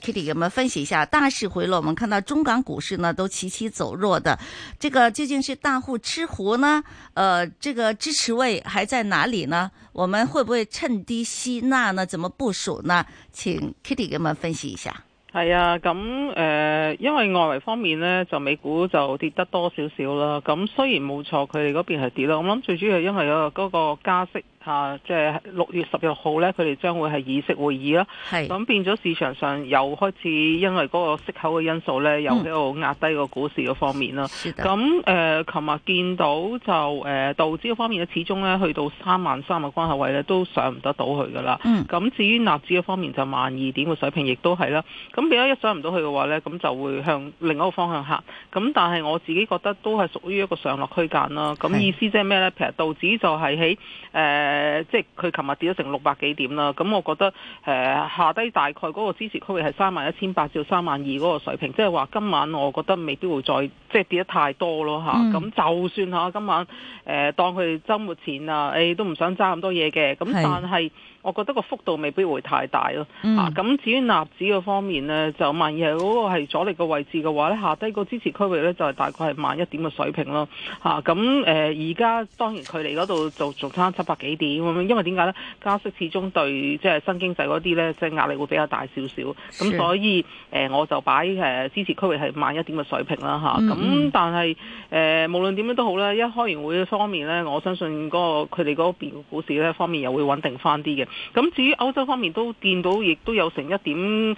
Kitty 給我們分析一下大市回落，我們看到中港股市呢都齊齊走弱的，這個究竟是大戶吃糊呢？誒、呃，這個支持位還在哪裏呢？我們會不會趁低吸納呢？怎麼部署呢？請 Kitty 給我們分析一下。係啊，咁誒、呃，因為外圍方面呢，就美股就跌得多少少啦。咁雖然冇錯，佢哋嗰邊係跌咯，我諗最主要係因為嗰個嗰個加息。啊，即係六月十六號呢，佢哋將會係議息會議啦。咁是變咗市場上又開始因為嗰個息口嘅因素呢，又喺度壓低個股市嘅方面啦。咁誒的，琴日、呃、見到就誒、呃、道指嘅方面呢，始終呢去到三萬三嘅關口位呢，都上唔得到去㗎啦。咁、嗯、至於納指嘅方面，就萬二點嘅水平亦都係啦。咁變咗一上唔到去嘅話呢，咁就會向另一個方向行。咁但係我自己覺得都係屬於一個上落區間啦。咁意思即係咩呢？是譬如道指就係喺誒。呃誒、呃，即係佢琴日跌咗成六百幾點啦，咁我覺得誒、呃、下低大概嗰個支持區域係三萬一千八至到三萬二嗰個水平，即係話今晚我覺得未必會再即係跌得太多咯吓，咁、嗯、就算吓、啊，今晚誒、呃、當佢周末前啊，誒、哎、都唔想揸咁多嘢嘅。咁但係。我覺得個幅度未必會太大咯嚇。咁、嗯啊、至於納指個方面呢，就萬二係嗰個係阻力個位置嘅話呢，下低個支持區域呢，就係、是、大概係萬一點嘅水平咯，咁誒而家當然距離嗰度就仲差七百幾點咁樣，因為點解呢？加息始終對即係新經濟嗰啲呢，即、就、係、是、壓力會比較大少少。咁是所以誒、呃，我就擺支持區域係萬一點嘅水平啦咁、啊嗯啊、但係誒、呃，無論點樣都好啦，一開完會嘅方面呢，我相信嗰、那個佢哋嗰邊股市呢，方面又會穩定翻啲嘅。咁至於歐洲方面都見到，亦都有成一點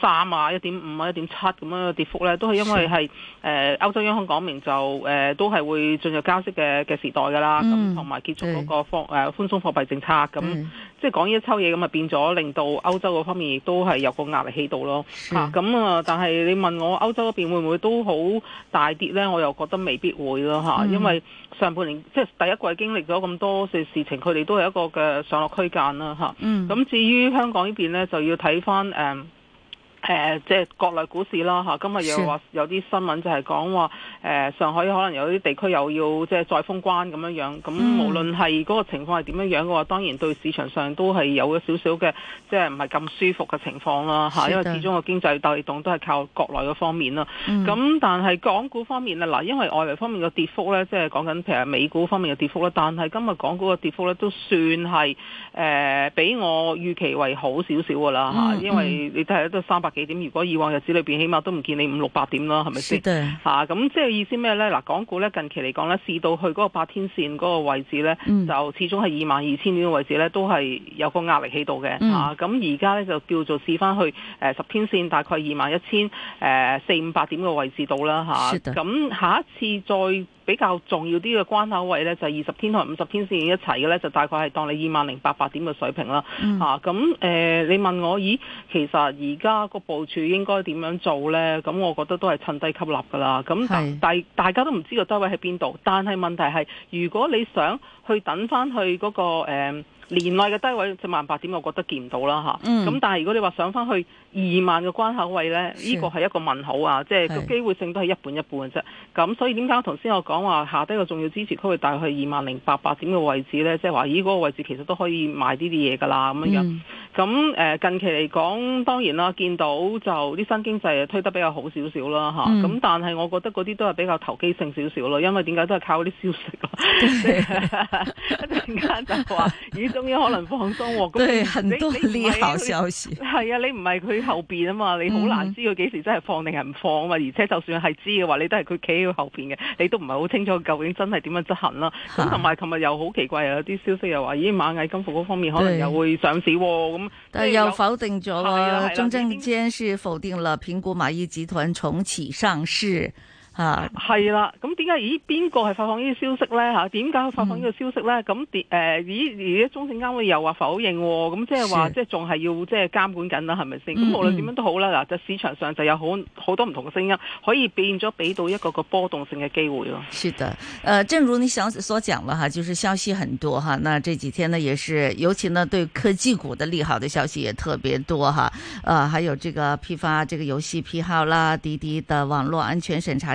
三啊、一點五啊、一點七咁樣嘅跌幅咧，都係因為係誒歐洲央行講明就誒、呃、都係會進入加息嘅嘅時代噶啦，咁同埋結束嗰個貨誒是、呃、寬鬆貨幣政策，咁、嗯、即係講呢一抽嘢咁啊，變咗令到歐洲嗰方面亦都係有個壓力喺度咯嚇咁啊，但係你問我歐洲嗰邊會唔會都好大跌咧？我又覺得未必會咯嚇、嗯、因為上半年即係第一季經歷咗咁多嘅事情，佢哋都係一個嘅上落區間啦，嚇、嗯。咁至於香港呢邊呢，就要睇翻誒。嗯誒，即係、呃就是、國內股市啦，今日又話有啲新聞就係講話，誒、呃，上海可能有啲地區又要即係再封關咁樣，咁無論係嗰個情況係點樣樣嘅話，當然對市場上都係有咗少少嘅，即係唔係咁舒服嘅情況啦嚇。的因為始終個經濟帶動都係靠國內嘅方面啦。咁、嗯、但係港股方面啊，嗱，因為外圍方面嘅跌幅咧，即係講緊譬如美股方面嘅跌幅啦。但係今日港股嘅跌幅咧，都算係誒、呃，比我預期為好少少㗎啦、嗯、因為你睇下都三百。幾點？如果以往日子裏邊，起碼都唔見你五六百點啦，係咪先？吓的，咁、啊、即係意思咩呢？嗱，港股呢，近期嚟講呢，試到去嗰個八天線嗰個位置呢，嗯、就始終係二萬二千點嘅位置呢，都係有個壓力喺度嘅。吓、嗯，咁而家呢，就叫做試翻去誒十、呃、天線大概二萬一千誒四五百點嘅位置到啦。吓、啊。咁的、啊、下一次再比較重要啲嘅關口位呢，就二、是、十天同五十天線一齊嘅呢，就大概係當你二萬零八百點嘅水平啦。吓、嗯，咁誒、啊呃，你問我咦，其實而家部署應該點樣做呢？咁我覺得都係趁低吸納㗎啦。咁是但大，大家都唔知個低位喺邊度，但係問題係，如果你想去等翻去嗰、嗰個、嗯年內嘅低位就萬八點，我覺得見唔到啦嚇咁、嗯、但係如果你話上翻去二萬嘅關口位呢，呢個係一個問號啊，即係個機會性都係一半一半嘅啫。咁所以點解頭先我講話下低個重要支持區係大概二萬零八百點嘅位置呢？即係話咦，嗰個位置其實都可以買啲啲嘢㗎啦咁樣咁誒近期嚟講，當然啦，見到就啲新經濟推得比較好少少啦嚇咁，但係我覺得嗰啲都係比較投機性少少咯，因為點解都係靠啲消息咯。 一陣間就話咦～終於可能放鬆喎、哦，咁 對你呢你唔係，係啊，你唔係佢後邊啊嘛，你好難知佢幾時真係放定係唔放啊嘛，嗯、而且就算係知嘅話，你都係佢企喺佢後邊嘅，你都唔係好清楚究竟真係點樣執行啦。咁同埋琴日又好奇怪，又有啲消息又話，咦，螞蟻金服嗰方面可能又會上市喎、哦、咁。對嗯、但係又否定咗啊，啊啊啊中證監是否定了評估螞蟻集團重啟上市。 啊，係啦，咁點解？咦，邊個係發放呢啲消息咧？吓，點解佢發放呢個消息咧？咁誒？咦，中證監會又話否認，咁即係話，即係仲係要即係監管緊啦，係咪先？咁、嗯嗯、無論點樣都好啦，嗱，就市場上就有好好多唔同嘅聲音，可以變咗俾到一個個波動性嘅機會咯。是的、呃，正如你想所講啦，哈，就是消息很多，哈、啊，那這幾天呢，也是，尤其呢對科技股的利好的消息也特別多，哈，誒，還有這個批發，這個遊戲，批號啦、滴滴的網絡安全審查。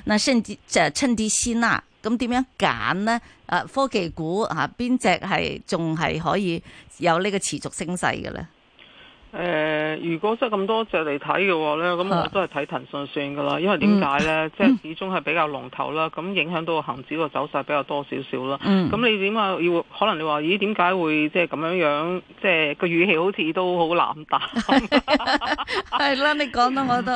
那甚至就趁啲先啦，咁點樣揀呢？科技股啊，邊隻係仲係可以有呢個持續升勢嘅咧？誒，如果真係咁多隻嚟睇嘅話咧，咁我都係睇騰訊算噶啦，因為點解咧？即係始終係比較龍頭啦，咁影響到個恆指個走勢比較多少少啦。咁你點啊？要可能你話咦？點解會即係咁樣樣？即係個語氣好似都好冷淡。係啦，你講得我都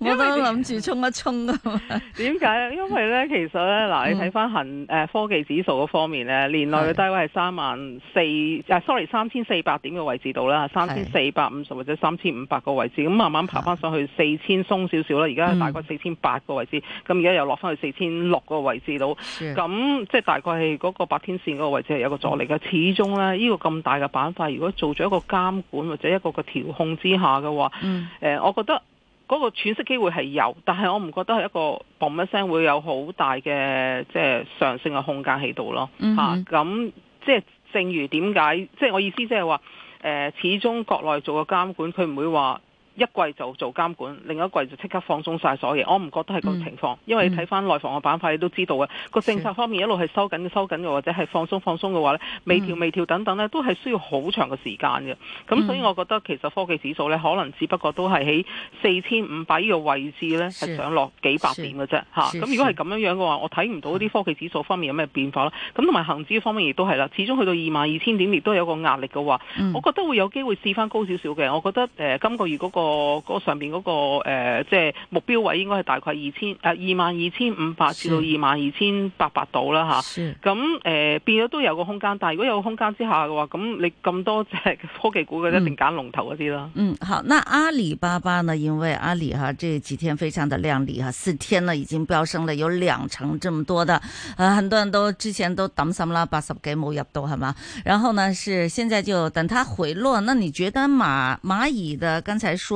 我都諗住衝一衝噶嘛。點解？因為咧，其實咧，嗱，你睇翻恒誒科技指數嗰方面咧，年內嘅低位係三萬四，sorry，三千四百點嘅位置度啦，三千四。四百五十或者三千五百個位置，咁慢慢爬翻上去四千，鬆少少啦。而家大概四千八個位置，咁而家又落翻去四千六個位置度。咁 Yeah. 即係大概係嗰個白天綫嗰個位置係有個阻力嘅。始終呢，呢、呢個咁大嘅板塊，如果做咗一個監管或者一個嘅調控之下嘅話，誒、mm. 呃，我覺得嗰個喘息機會係有，但係我唔覺得係一個嘣一聲會有好大嘅即係上升嘅空間喺度咯。吓、mm，咁、hmm. 啊、即係正如點解？即係我意思即係話。誒，始終國內做嘅監管，佢唔會話，一季就做監管，另一季就即刻放鬆晒所有。我唔覺得係個情況，因為睇翻內房個板塊，你都知道嘅個政策方面一路係收緊、收緊嘅，或者係放鬆、放鬆嘅話呢，微調、微調等等呢，都係需要好長嘅時間嘅。咁所以，我覺得其實科技指數呢，可能只不過都係喺四千五百呢個位置呢，係上落幾百點嘅啫。嚇，咁如果係咁樣樣嘅話，我睇唔到啲科技指數方面有咩變化啦。咁同埋恆指方面亦都係啦，始終去到二萬二千點，亦都有個壓力嘅話，我覺得會有機會試翻高少少嘅。我覺得誒，今個月嗰個個個上面嗰、那個誒，即、呃、係、就是、目標位應該係大概二千誒二萬二千五百至到二萬二千八百度啦嚇。咁誒是、啊呃、變咗都有個空間，但係如果有個空間之下嘅話，咁你咁多隻科技股嘅，一定揀龍頭嗰啲啦。嗯，好，那阿里巴巴呢？因為阿里哈、啊，這幾天非常的靚麗嚇，四天呢已經飆升了有兩成這麼多的。誒、啊，很多人都之前都，擔心啦，八十幾冇入到係嘛？然後呢，是現在就等它回落。那你覺得馬螞蟻的，剛才說。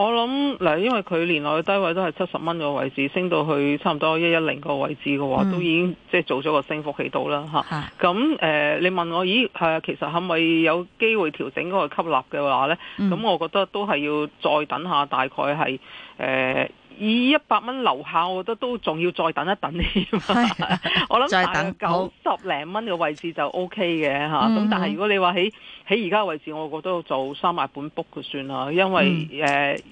我諗嗱，因為佢連落去低位都係七十蚊個位置，升到去差唔多一一零個位置嘅話，都已經即係做咗個升幅起度啦，吓，咁誒，你問我，咦係啊，其實係咪有機會調整嗰個吸納嘅話呢？咁、嗯、我覺得都係要再等下，大概係誒。呃以一百蚊樓下，我覺得都仲要再等一等添。的 我諗九十零蚊嘅位置就 O K 嘅吓。咁、嗯、哼但係如果你話喺喺而家嘅位置，我覺得要做三百本 book 就算啦，因為誒。嗯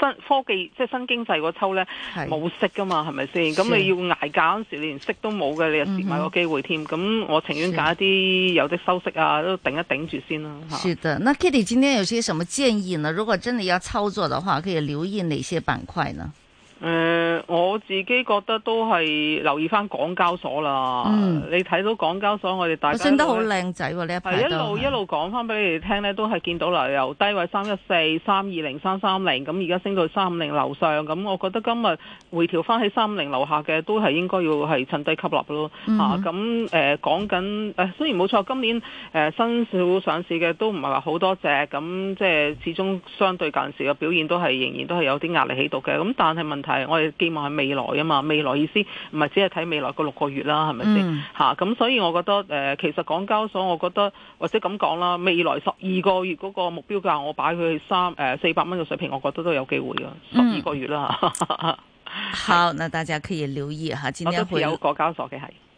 新科技即係新經濟嗰抽咧冇息噶嘛，係咪先？咁你要捱價嗰時，你是連息都冇嘅，你又蝕埋個機會添。咁、嗯嗯、我情願揀一啲有啲收息啊，是都頂一頂住先啦、啊。嚇！是的，那 Kitty 今天有些什麼建議呢？如果真的要操作的話，可以留意哪些板塊呢？誒、嗯，我自己覺得都係留意翻港交所啦。嗯，你睇到港交所，我哋大升得好靚仔喎！一一一你呢一排一路一路講翻俾你哋聽呢，都係見到啦，由低位三一四、三二零、三三零，咁而家升到三五零樓上。咁我覺得今日回調翻喺三五零樓下嘅，都係應該要係趁低吸納咯。嚇、嗯，咁誒講緊誒，雖然冇錯，今年誒新股上市嘅都唔係話好多隻，咁即係始終相對近時嘅表現都係仍然都係有啲壓力喺度嘅。咁但係問題。係，我哋寄望係未來啊嘛，未來意思唔係只係睇未來嗰六個月啦，係咪先？嚇、嗯，咁所以我覺得誒、呃，其實港交所，我覺得或者咁講啦，未來十二個月嗰個目標價，我擺佢三誒四百蚊嘅水平，我覺得都有機會啊，十二個月啦。嗯、 是好，那大家可以留意嚇，今年會有港交所嘅係。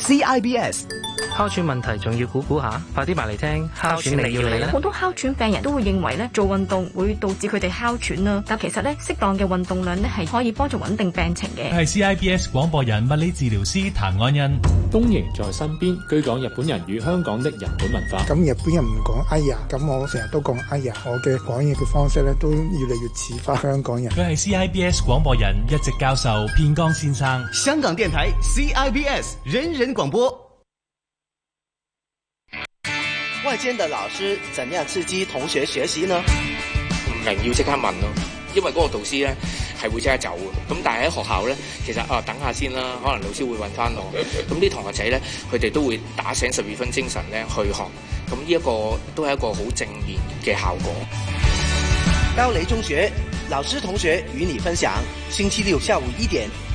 CIBS 哮喘問題仲要估估下，快啲埋嚟聽哮喘你要嚟啦！好多哮喘病人都會認為咧做運動會導致佢哋哮喘啦，但其實咧適當嘅運動量咧係可以幫助穩定病情嘅。佢係 CIBS 廣播人物理治療師譚安欣，東營在身邊，居港日本人與香港的日本文化。咁日本人唔講哎呀，咁我成日都講哎呀，我嘅講嘢嘅方式咧都越嚟越似翻香港人。佢係 CIBS 廣播人，一直教授片江先生。香港電台 CIBS，人人。廣播，外間的老師怎樣刺激同學學習呢？唔明，要即刻問咯，因為嗰個導師咧係會即刻走嘅。咁但係喺學校咧，其實啊等下先啦，可能老師會搵返我。咁啲同學仔咧，佢哋都會打醒十二分精神咧去學。咁呢一個都係一個好正面嘅效果。高雷中學，老師同學與你分享，星期六下午一點。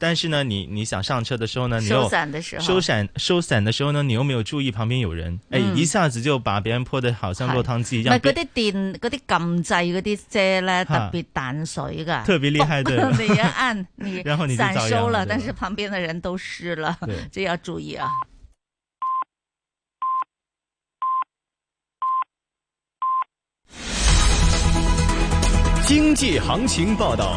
但是呢，你你想上車的時候呢，你又收傘收傘的時候呢，你又沒有注意旁邊有人，哎，一下子就把別人潑的好像落湯雞一樣。唔係電嗰啲撳掣嗰啲特別彈水噶，特別厲害的。你一按，你傘收啦，但是旁邊的人都濕了，這要注意啊。經濟行情報道。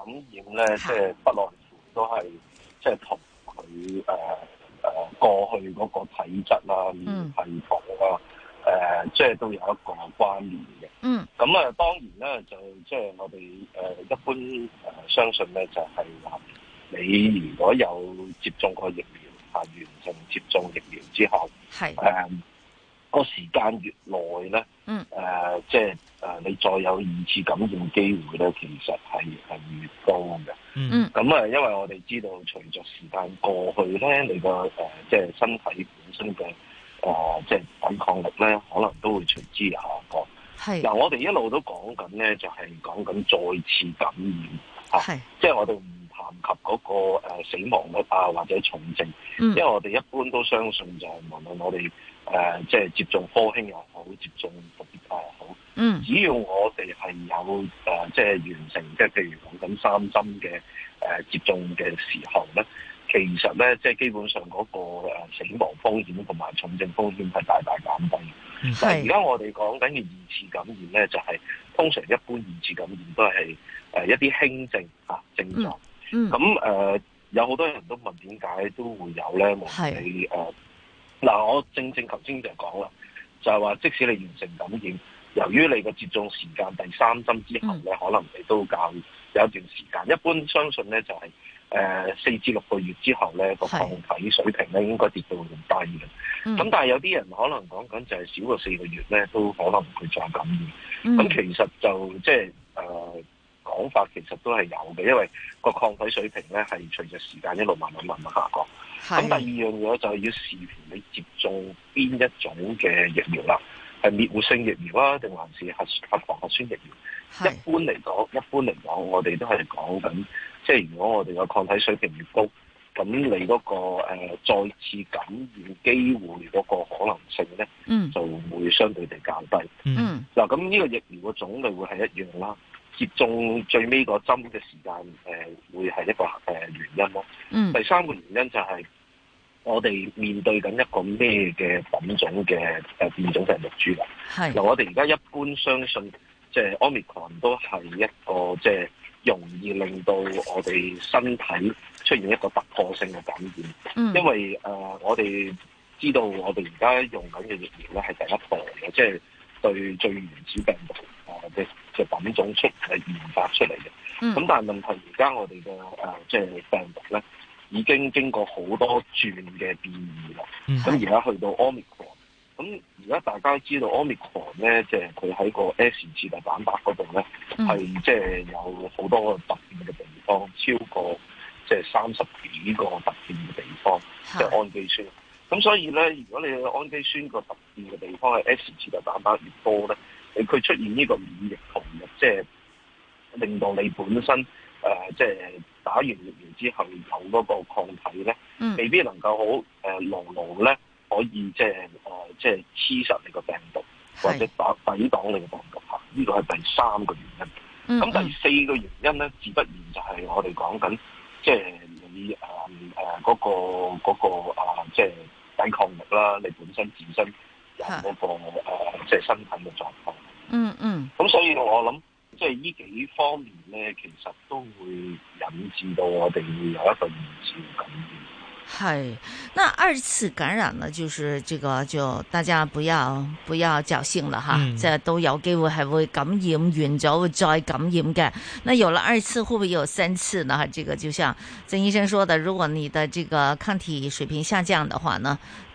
感染咧，即係不嬲，就是、都係即係同佢誒誒過去嗰個體質啦、啊、免疫系統啊誒，即係、嗯呃就是、都有一個關聯嘅。嗯，咁啊，當然咧，就即係、就是、我哋誒、呃、一般、呃、相信咧，就係、是、話你如果有接種過疫苗啊，完成接種疫苗之後，係誒的、呃那個時間越耐咧。嗯，誒、呃，即係誒、呃，你再有二次感染機會咧，其實係係越高嘅。嗯，咁啊，因為我哋知道隨著時間過去咧，你個誒、呃、即係身體本身嘅誒、呃、即係抵抗力咧，可能都會隨之下降。係是，嗱、呃，我哋一路都講緊咧，就係講緊再次感染嚇是、啊，即係我哋唔談及嗰、那個、呃、死亡率啊，或者重症，嗯、因為我哋一般都相信就係無論我哋。誒，即係、呃就是、接種科興又好，接種復必泰又好，嗯，只要我哋係有誒，即、呃、係、就是、完成即係譬如講緊三針嘅誒、呃、接種嘅時候咧，其實咧即係基本上嗰個死亡風險同埋重症風險係大大減低的。是但係而家我哋講緊嘅二次感染咧，就係、是、通常一般二次感染都係誒一啲輕症嚇、啊、症狀。咁誒、嗯嗯呃、有好多人都問點解都會有咧？係誒。是嗱、啊，我正正頭先就講啦，就係話即使你完成感染，由於你個接種時間第三針之後咧，嗯、你可能你都夠有一段時間。一般相信咧就係四至六個月之後咧，個抗體水平咧應該跌到咁低嘅。咁但係有啲人可能講緊就係少過四個月咧，都可能佢再感染。咁其實就即係講法其實都係有嘅，因為個抗體水平咧係隨著時間一路慢慢慢慢下降。咁第二樣嘢就係要視乎你接種邊一種嘅疫苗啦，係滅活性疫苗啦，定還是核核糖核酸疫苗？是一般嚟講，一般嚟講，我哋都係講緊，即係如果我哋嘅抗體水平越高，咁你嗰、嗰個、呃、再次感染機會嗰、嗰個可能性咧，就會相對地較低。嗱、嗯，咁呢個疫苗嘅種類會係一樣啦。接種最尾個針嘅時間，誒會係一個誒原因咯。嗯、第三個原因就係我哋面對緊一個咩嘅品種嘅誒變種病毒株啦。係，嗱我哋而家一般相信，即係 Omicron 都係一個即係容易令到我哋身體出現一個突破性嘅感染。嗯、因為誒我哋知道我哋而家用緊嘅疫苗咧係第一代嘅，即係對最原始病毒。嘅嘅品種出係研發出嚟嘅，咁、mm hmm. 但係問題現在，而家我哋嘅誒即係病毒咧，已經經過好多轉嘅變異啦。咁而家去到 Omicron，咁而家大家知道 Omicron 咧，即係佢喺個 S 刺突蛋白嗰度咧，係即係有好多個突變嘅地方，超過即係三十幾個突變嘅地方，即係氨基酸。咁所以咧，如果你嘅氨基酸個突變嘅地方係 S 刺突蛋白越多咧。佢出現呢個免疫同弱，即係令到你本身即係、呃即係、打完疫苗之後有嗰個抗體咧，嗯、未必能夠好、呃、牢牢咧可以即係誒即係黐實你個病毒，或者抵抵擋你個病毒。呢個係第三個原因。咁、嗯、第四個原因咧，自不然就係我哋講緊，即、就、係、係、你誒誒嗰個嗰、嗰個啊，即係抵抗力啦，你本身自身。那個即係身體嘅狀況。嗯嗯。咁所以我諗，即係呢幾方面咧，其實都會引致到我哋會有一個二次感染。係，那二次感染呢，就是這個就大家不要不要僥幸了吓，即係、嗯、都有機會係會感染完咗會再感染嘅。那有了二次，會唔會有三次呢？吓，這個就像曾醫生說的，如果你的這個抗體水平下降的話呢，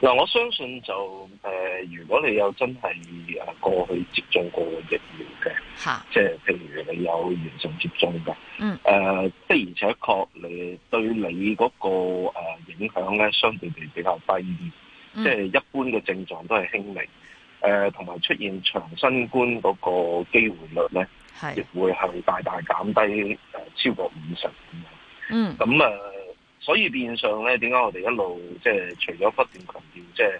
嗱，我相信就誒、呃，如果你有真係誒過去接種過疫苗嘅，嚇的，即係譬如你有完成接種嘅，嗯，誒、呃，的而且確你對你嗰、那個、呃、影響咧，相對地比，比較低，嗯、即係一般嘅症狀都係輕微，誒、呃，同埋出現長新冠嗰個機會率咧，係亦的會係大大減低誒、呃、超過五成咁樣，嗯，咁啊。呃所以變相咧，點解我哋一路即係、就是、除咗不斷強調，即係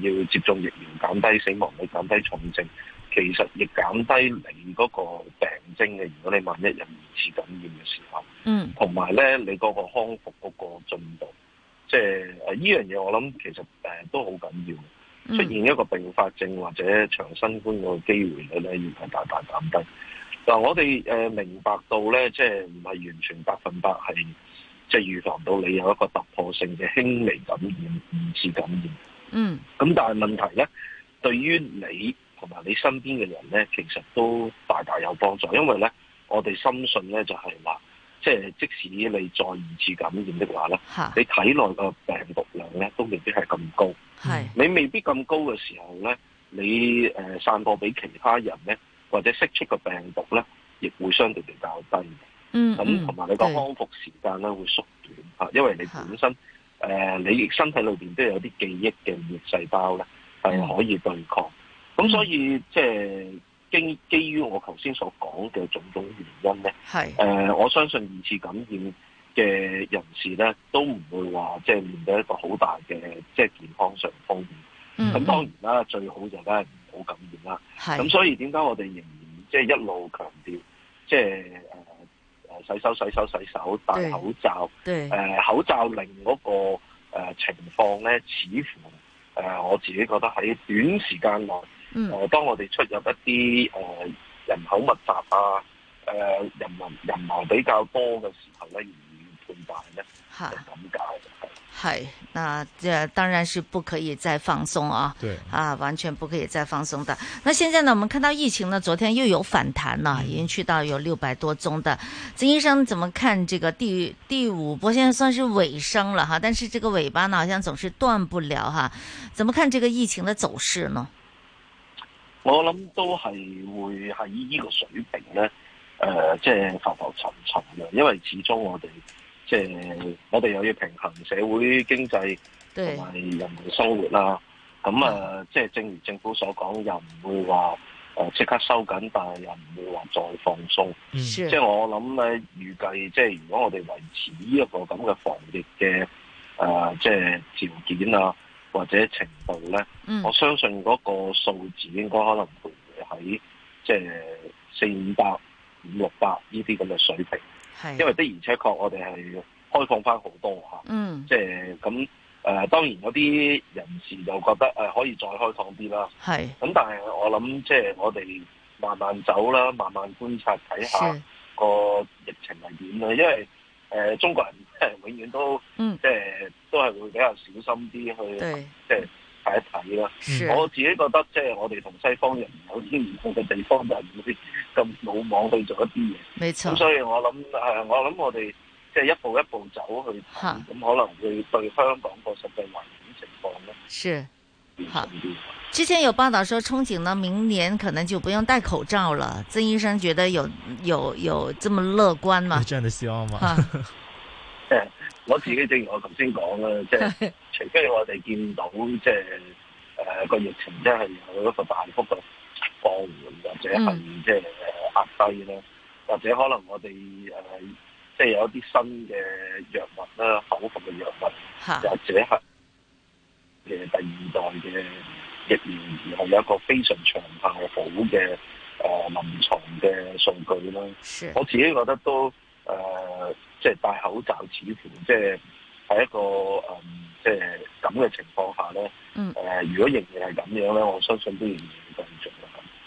誒要接種疫苗減低死亡，去減低重症，其實亦減低你嗰個病徵嘅。如果你萬一人二次感染嘅時候，嗯，同埋咧你嗰個康復嗰個進度，即係呢樣嘢，我諗其實誒、呃、都好緊要。出現一個併發症或者長新冠嘅機會率咧，要大大減低。嗱、呃，我哋誒、呃、明白到咧，即係唔係完全百分百係。即係預防到你有一個突破性嘅輕微感染、二次感染。嗯。咁但係問題咧，對於你同埋你身邊嘅人咧，其實都大大有幫助。因為咧，我哋深信咧，就係話，即係即使你再二次感染嘅話咧，哈你體內個病毒量咧，都未必係咁高。係、嗯。你未必咁高嘅時候咧，你誒散播俾其他人咧，或者釋出個病毒咧，亦會相對比較低。嗯，嗯，咁同埋你個康復時間咧對會縮短吓，因為你本身誒是、呃，你身體裏邊都有啲記憶嘅免疫細胞咧，係、嗯嗯、可以對抗。咁所以、嗯、即係基基於我頭先所講嘅種種原因咧，係誒是、呃，我相信二次感染嘅人士咧，都唔會話即係面對一個好大嘅即係健康上方面。咁、嗯嗯、當然啦，最好就梗係唔好感染啦。係是，咁所以點解我哋仍然即係、就是、一路強調即係誒。就是洗手、洗手、洗手，戴口罩。對，對、呃，口罩令嗰、那個、呃、情況咧，似乎誒、呃、我自己覺得喺短時間內，誒、嗯呃、當我哋出入一啲誒、呃、人口密集啊、誒、呃、人民人流比較多嘅時候咧，如何判斷咧，就咁解。係，那這當然是不可以再放鬆啊！對，啊，完全不可以再放鬆的。那現在呢，我們看到疫情呢，昨天又有反彈啊，已經去到有六百多宗的。曾醫生怎麼看這個第第五波？現在算是尾聲了哈，但是這個尾巴呢，好像總是斷不了哈。怎麼看這個疫情的走勢呢？我諗都係會喺呢個水平呢，誒、呃，即係浮浮沉沉嘅，因為始終我哋。即係我哋又要平衡社會經濟同埋人民的生活啦。咁對啊，是即係正如政府所講，又唔會話誒即刻收緊，但係又唔會話再放鬆是。即係我諗咧，預計即係如果我哋維持呢一個咁嘅防疫嘅誒即係條件啊，或者程度咧，嗯，我相信嗰個數字應該可能會喺即係四五百、五六百呢啲咁嘅水平。因為的而且確，我哋係開放翻好多吓，即係咁誒。當然有啲人士又覺得誒可以再開放啲啦，係是。咁但係我諗即係我哋慢慢走啦，慢慢觀察睇下個疫情係點啦。因為誒、呃、中國人即係永遠都即係、嗯、都係會比較小心啲去，即係對。即係睇一睇咯，是我自己覺得即係我哋同西方人有啲唔同嘅地方就係冇啲咁魯莽去做一啲嘢，咁錯、嗯、所以我諗誒，我諗我哋即係一步一步走去，咁哈可能會對香港個實際環境情況咧，是上之前有報道說，憧憬到明年可能就不用戴口罩了。曾醫生覺得有有有這麼樂觀嗎？有這樣的希望嗎？誒哈。 我自己正如我頭先講啦， 即係除非我哋見到即係誒、呃這個疫情真係有一個大幅度放緩，或者係、嗯、即係壓低啦，或者可能我哋、呃、即係有一啲新嘅藥物啦，口服嘅藥物， 或者係呃第二代嘅疫苗然後有一個非常長效好嘅誒臨床嘅數據啦，是我自己覺得都。誒、呃，即係戴口罩，似乎即係喺一個嗯即係咁嘅情況下咧，誒、嗯呃，如果仍然係咁樣咧，我相信都仍然會繼續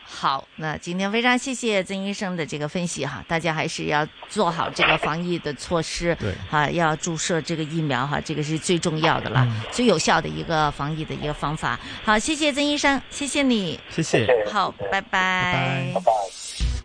好，那今天非常謝謝曾醫生的這個分析哈，大家還是要做好這個防疫的措施，對、啊，要注射這個疫苗哈，這個是最重要的啦，對最有效的一個防疫的一個方法。好，謝謝曾醫生，謝謝你，謝謝，好，謝謝拜拜，拜拜。拜拜拜拜。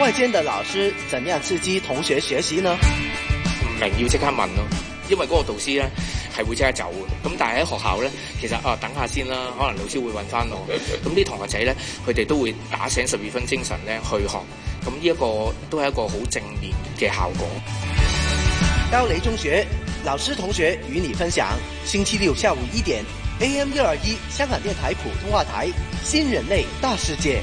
外間的老師怎樣刺激同學學習呢？唔明要即刻問咯，因為嗰個導師咧係會即刻走嘅。咁但係喺學校咧，其實啊，等下先啦，可能老師會問翻我。咁啲、嗯、同學仔咧，佢哋都會打醒十二分精神咧去學。咁呢一個都係一個好正面嘅效果。高雷中學老師同學與你分享，星期六下午一點，AM 六二一香港電台普通話台，新人類大世界。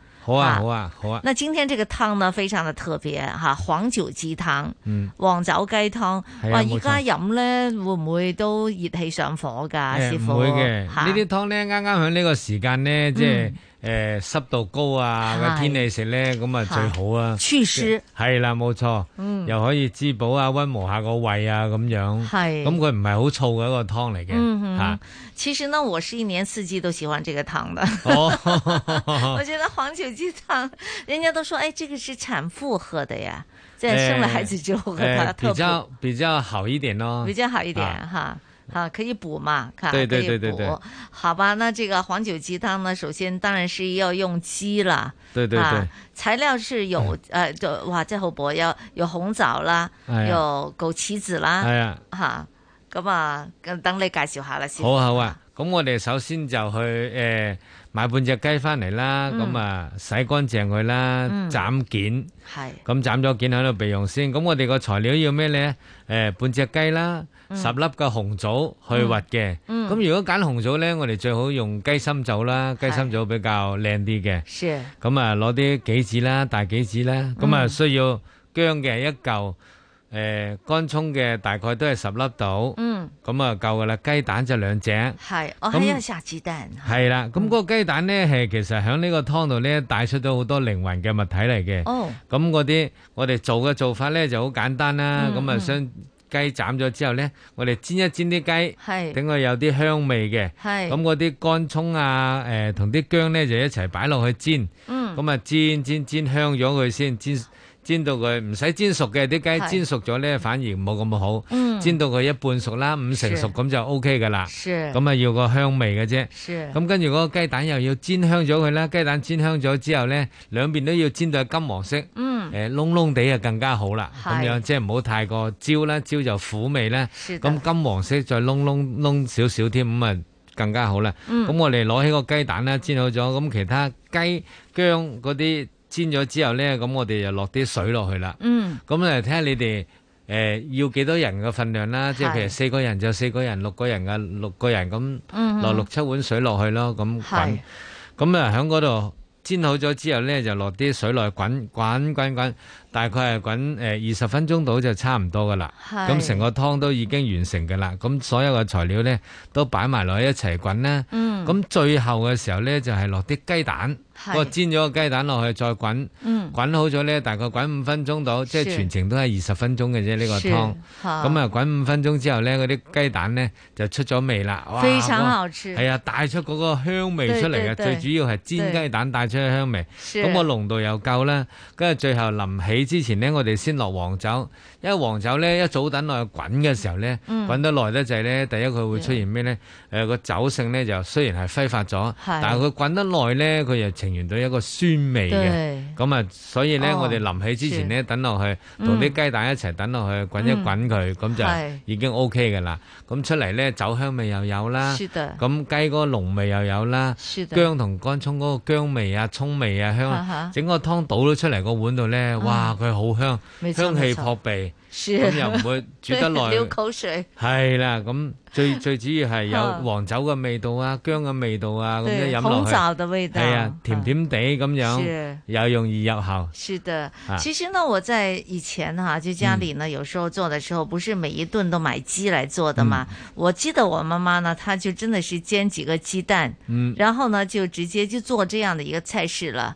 好啊好啊好啊！那今天這個湯呢，非常的特別吓，啊黃，酒嗯、黃酒雞湯，嗯，黃酒雞湯，啊，而家哇錯飲呢會唔會都熱氣上火噶？唔、哎、師傅會嘅，呢啲、啊、湯呢啱啱喺呢個時間呢即係。嗯誒，濕、呃、度高啊，個天氣食呢咁啊是最好啊，祛濕係啦，冇錯，嗯又可以滋補啊，溫磨下個胃啊，咁樣，咁佢唔係好燥嘅一個湯嚟嘅，吓。其實呢，我是一年四季都喜歡這個湯的。 哦， 我覺得黃酒雞湯，人家都說，哎，這個是產婦喝的呀，在生了孩子之後喝、呃呃，比較比較好一點咯，比較好一點，哈、啊啊啊，可以補嘛？看對對對對，對好吧？那這個黃酒雞湯呢？首先當然是要用雞啦，對對對，啊，材料是有呃、嗯啊，哇！真好補，要有紅棗啦，哎、呀有枸杞子啦，係、哎、呀啊，哈，咁啊，等你介紹下啦先。好，好啊，咁吧我哋首先就去誒。呃買半隻雞翻嚟啦，咁啊洗乾淨佢啦，斬件，咁斬咗件喺度備用先。咁我哋個材料要咩咧？誒，半隻雞啦，十粒嘅紅棗去核嘅。咁如果揀紅棗咧，我哋最好用雞心棗啦，雞心棗比較靚啲嘅。是。咁啊，攞啲杞子啦，大杞子啦，咁啊係需要薑嘅一嚿。誒，乾葱嘅大概都係十粒到，咁啊夠噶啦。雞蛋就兩隻，係我係要食雞蛋。係啦，咁嗰個雞蛋咧係其實響呢個湯度咧帶出咗好多靈魂嘅物體嚟嘅。哦，咁嗰啲我哋做嘅做法咧就好簡單啦。咁啊、嗯，將雞斬咗之後咧，我哋煎一煎啲雞，係等佢有啲香味嘅。係咁嗰啲乾葱啊，誒、呃，同啲姜咧就一齊擺落去煎。嗯，咁啊煎煎煎香咗佢先煎。煎到佢唔使煎熟嘅，啲雞煎熟咗咧，反而冇咁好。是煎到佢一半熟啦，五、嗯、成熟咁就 OK 噶啦。咁啊是要個香味嘅啫。咁跟住嗰個雞蛋又要煎香咗佢啦。雞蛋煎香咗之後咧，兩邊都要煎到金黃色。誒、嗯，燶燶地啊更加好啦。咁是樣即係唔好太過焦啦，焦就苦味啦。咁的金黃色再燶燶燶少少添，咁啊更加好啦。咁、嗯、我哋攞起個雞蛋啦，煎好咗，咁其他雞薑嗰啲。煎咗之後呢，咁我哋就落啲水落去啦。嗯，咁嚟睇下你哋，誒、呃、要幾多人嘅份量啦？是即係譬如四個人就四個人，六個人嘅六個人咁落六七碗水落去咯。咁滾，咁啊喺嗰度煎好咗之後呢，就落啲水落去滾，滾滾滾。大概係滾誒二十分鐘度就差唔多噶啦，咁成個湯都已經完成噶啦，咁所有嘅材料咧都擺埋落去一齊滾啦。咁最後嘅時候咧就係落啲雞蛋，個煎咗個雞蛋落去再滾，滾好咗咧大概滾五分鐘度，即係全程都係二十分鐘嘅啫呢個湯，咁啊滾五分鐘之後咧嗰啲雞蛋咧就出咗味啦，哇非常好吃，係啊帶出嗰個香味出嚟啊，最主要係煎雞蛋帶出嘅香味，咁個濃度又夠啦，跟住最後淋起。之前咧，我哋先落黃酒，因為黃酒咧一早等落去滾嘅時候咧，滾得耐得滯咧，第一佢會出現咩咧？誒個酒性咧就雖然係揮發咗，但係佢滾得耐咧，佢又呈現到一個酸味嘅。咁啊，所以咧我哋淋起之前咧等落去，同啲雞蛋一齊等落去滾一滾佢，咁就已經 OK 㗎啦。咁出嚟咧，酒香味又有啦，咁雞嗰個濃味又有啦，薑同乾葱嗰個薑味啊、葱味啊香，整個湯倒咗出嚟個碗度咧，哇！佢好香，香氣撲鼻，咁又唔會煮得耐，流口水，係啦，咁最最主要係有黃酒嘅味道啊，薑嘅味道啊，咁樣飲落去，紅棗嘅味道，係啊，甜甜地咁樣，又容易入喉。是的，其實呢，我在以前哈，就家裏呢，有時候做的時候，不是每一頓都買雞來做的嘛。我記得我媽媽呢，她就真的是煎幾個雞蛋，嗯，然後呢，就直接就做這樣的一個菜式了。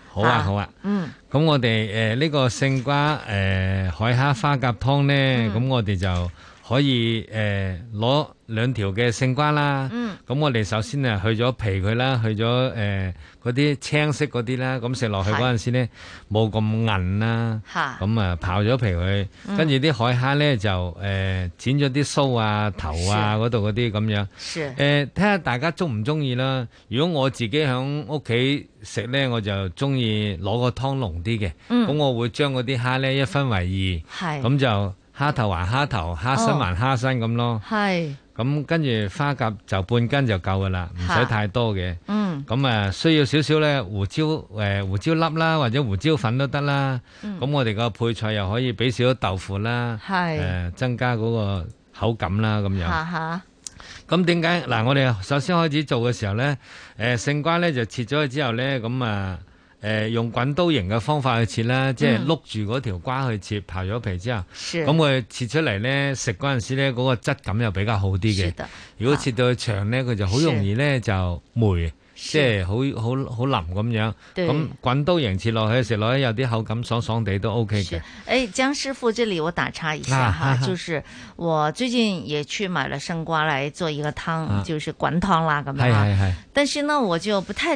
好啊，好啊，啊嗯，咁我哋誒呢個勝瓜誒、呃、海蝦花甲湯咧，咁、嗯、我哋就。可以誒攞、呃、兩條嘅勝瓜啦，咁、嗯、我哋首先啊去咗皮佢啦，去咗誒嗰啲青色嗰啲啦，咁食落去嗰陣時咧冇咁韌啦，咁啊哈刨咗皮佢，跟住啲海蝦咧就誒、呃、剪咗啲須啊頭啊嗰度嗰啲咁樣，誒睇下大家中唔中意啦。如果我自己喺屋企食咧，我就中意攞個湯濃啲嘅，咁、嗯、我會將嗰啲蝦咧一分為二，咁是就。蝦頭還蝦頭，蝦身還蝦身咁咯。係。咁跟住花甲就半斤就夠嘅啦，唔使太多嘅。嗯。咁誒需要少少咧胡椒誒胡椒粒啦，或者胡椒粉都得啦。嗯。咁我哋個配菜又可以俾少少豆腐啦。係。誒，增加嗰個口感啦，咁樣。嚇嚇。咁點解嗱？我哋首先開始做嘅時候咧，誒，勝瓜咧就切咗之後咧，咁啊。誒用滾刀形嘅方法去切啦，即係碌住嗰條瓜去切，刨咗皮之後，咁佢切出嚟呢，食嗰陣時呢，嗰個質感又比較好啲嘅。如果切到長呢，佢就好容易呢就霉，即係好好好腍咁樣。咁滾刀形切落去食落去，有啲口感爽爽地都 OK 嘅。誒，江師傅，這裡我打岔一下哈，就是我最近也去買了生瓜來做一個湯，就是滾湯啦咁樣。係係但是呢，我就不太，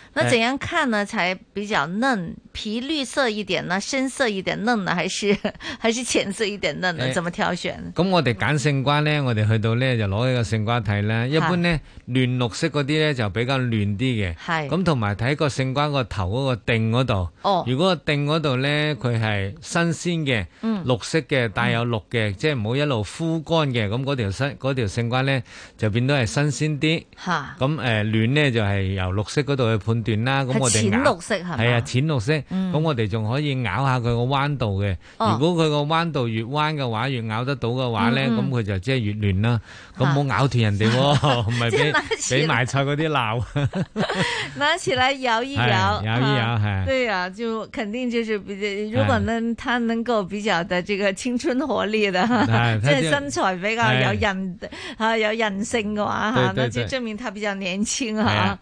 那怎樣看呢？才比較嫩，皮綠色一點呢？深色一點嫩呢？還是還是淺色一點嫩呢？怎麼挑選？咁、呃、我哋揀勝瓜呢，嗯、我哋去到呢，就攞一個勝瓜睇啦。一般呢，嫩是綠色嗰啲呢，就比較嫩啲嘅。係咁同埋睇個勝瓜個頭嗰個頂嗰度。哦、如果頂嗰度呢，佢係新鮮嘅，綠色嘅帶有綠嘅，嗯、即係唔好一路枯乾嘅，咁嗰條身嗰條勝瓜呢，就變到係新鮮啲。吓咁誒嫩呢，就係、是、由綠色嗰度去判。段啦，咁我哋咬淺綠色係啊，淺綠色。咁我哋仲可以咬下佢個彎度嘅。如果佢個彎度越彎嘅話，越咬得到嘅話咧，咁佢就即係越嫩啦。咁好咬斷人哋，唔係俾俾賣菜嗰啲鬧。拿起來搖一搖，搖一搖係。對啊，就肯定就是，如果能他能夠比較的這個青春活力的，即係身材比較有人有韌性嘅話吓，那就證明他比較年輕吓。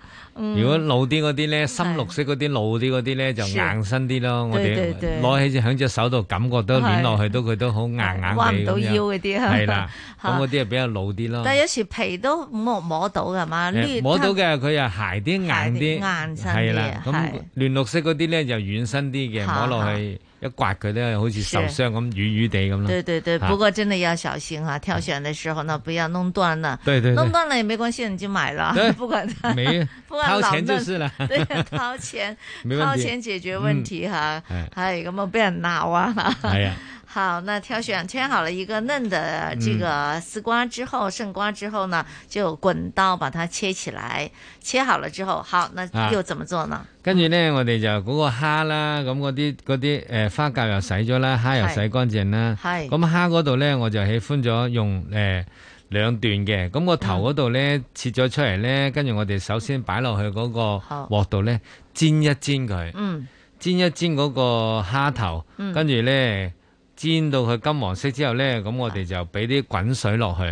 如果老啲嗰啲咧，深綠色嗰啲老啲嗰啲咧，就硬身啲咯。我哋攞起隻喺隻手度，感覺都攤落去都佢都好硬硬到腰嗰啲係啦，咁嗰啲啊比較老啲咯。但係有時皮都摸摸到㗎嘛，摸到嘅佢又鞋啲硬啲，硬身係啦，咁嫩綠色嗰啲咧就軟身啲嘅，摸落去。一刮佢都，好似受傷咁瘀瘀地咁咯。是乳乳對對對，啊、不過真的要小心啊，挑選的時候呢，不要弄斷了對，對對，弄斷了也沒關係，你就買了，對不管它。沒，不管掏錢就是了 對，掏錢，掏錢解決問題哈、啊，還有咁樣被人鬧啊。係啊。好，那挑選切好了一個嫩的這個絲瓜之後，嗯、勝瓜之後呢，就滾刀把它切起來。切好了之後，好，那又怎麼做呢？啊、跟住呢，我哋就嗰個蝦啦，咁嗰啲啲誒花甲又洗咗啦，蝦、嗯、又洗乾淨啦。係、嗯。咁蝦嗰度呢，我就喜歡咗用誒兩、呃、段嘅，咁、那個頭嗰度呢，嗯、切咗出嚟呢。跟住我哋首先擺落去嗰個鑊度呢，嗯、煎一煎佢。嗯。煎一煎嗰個蝦頭，跟住呢。煎到佢金黃色之後呢，咁我哋就俾啲滾水落去，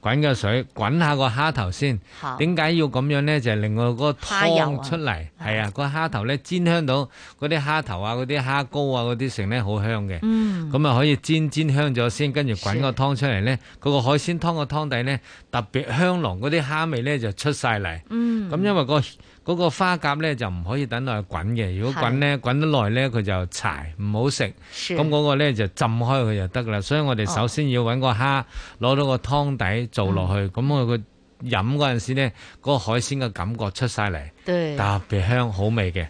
滾個水滾下個蝦頭先。點解好要咁樣呢？就係、是、令個嗰湯出嚟。係啊，個蝦頭呢，煎香到嗰啲蝦頭啊、嗰啲蝦膏啊、嗰啲成呢好香嘅。咁啊、嗯、可以煎煎香咗先，跟住滾個湯出嚟呢。嗰個的海鮮湯嘅湯底呢，特別香濃，嗰啲蝦味呢就出晒嚟。咁、嗯、因為、個嗰個花甲呢就唔可以等落去滾嘅，如果滾呢是滾得耐呢，佢就柴，唔好食。咁嗰是個呢就浸開佢就得啦。所以我哋首先要揾個蝦，攞、哦、到個湯底做落去。咁佢飲嗰陣時咧，嗰、那個海鮮嘅感覺出晒嚟，對特別香，好味嘅。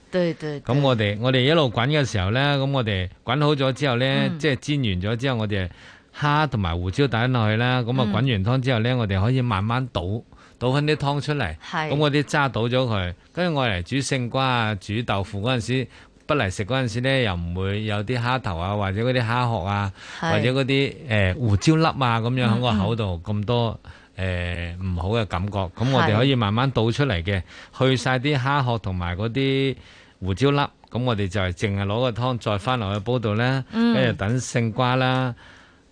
咁我哋我哋一路滾嘅時候呢，咁我哋滾好咗之後呢，嗯、即係煎完咗之後，我哋蝦同埋胡椒揼落去啦。咁啊，滾完湯之後呢，我哋可以慢慢倒。倒翻啲湯出嚟，咁我啲渣倒咗佢，跟住我嚟煮勝瓜啊、煮豆腐嗰陣時，不嚟食嗰陣時咧，又唔會有啲蝦頭啊，或者嗰啲蝦殼啊，是或者嗰啲誒胡椒粒啊咁樣喺個口度咁、嗯、多誒唔、呃、好嘅感覺。咁我哋可以慢慢倒出嚟嘅，去晒啲蝦殼同埋嗰啲胡椒粒，咁我哋就係淨係攞個湯再翻落去煲度咧，跟住等勝瓜啦。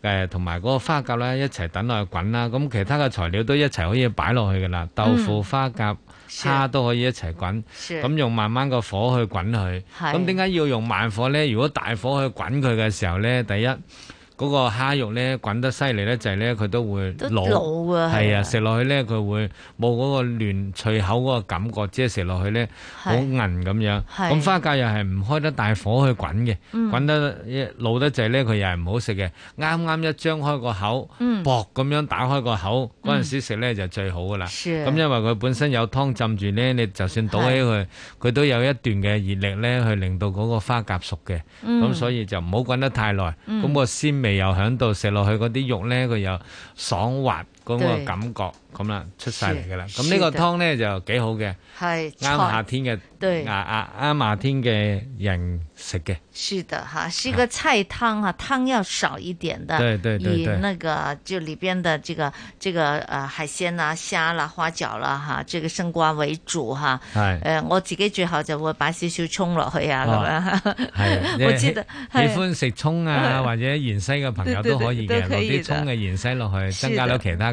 誒，同埋嗰個花甲呢，一齊等落去滾啦。咁其他嘅材料都一齊可以擺落去噶啦，豆腐、花甲、蝦都可以一齊滾。咁用慢慢個火去滾佢。咁點解要用慢火呢？如果大火去滾佢嘅時候呢，第一。嗰個蝦肉咧滾得犀利咧，就係咧佢都會老，係啊，食落去咧佢會冇嗰個嫩脆口嗰個感覺，即係食落去咧好韌咁樣。咁花甲又係唔開得大火去滾嘅，滾得老得滯咧佢又係唔好食嘅。啱啱一張開個口，薄咁樣打開個口陣時食咧就最好㗎啦。咁因為佢本身有湯浸住咧，你就算倒起佢，佢都有一段嘅熱力咧去令到嗰個花甲熟嘅。咁所以就唔好滾得太耐。咁個鮮味。又響度食落去嗰啲肉咧，佢又爽滑。嗰個感覺咁啦，出晒嚟噶啦。咁呢個湯咧就幾好嘅，啱夏天嘅，啊啊啱夏天嘅人食嘅。是的哈，是個菜湯哈，湯要少一點的，以那個就裏邊的這個這個呃海鮮啦、蝦啦、花甲啦哈，這個勝瓜為主哈。係，誒，我自己最後就會擺少少葱落去啊，咁樣。係，我記得喜歡食葱啊，或者芫茜嘅朋友都可以嘅，落啲葱嘅芫茜落去，增加到其他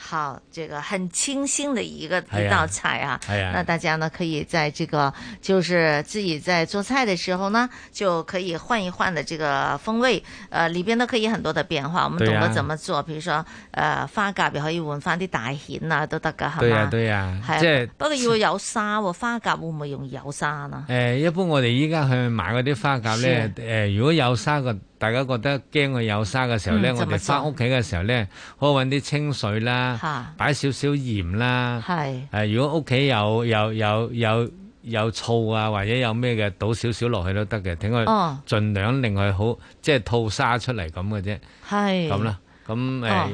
好，這個很清新的一個一道菜啊。啊啊那大家呢可以在這個就是自己在做菜的時候呢，就可以換一換的這個風味。呃，裏邊呢，可以很多的變化。我們懂得怎麼做，啊、比如說呃花甲，然後有文方的大蜆啊，都得噶、啊，對啊是對啊，係啊、就是。不過如果有沙，花甲會唔會用油沙呢？誒、呃，一般我哋依家去買嗰啲花甲咧，誒是、呃，如果有沙嘅。大家覺得驚佢有沙嘅時候咧，嗯、我哋翻屋企嘅時候咧，可以搵啲清水啦，擺、啊、少少鹽啦，是如果屋企有有有有有醋啊，或者有咩嘅，倒少少落去都得嘅，等佢盡量令佢好，哦、即係吐沙出嚟咁嘅啫，咁啦是，咁誒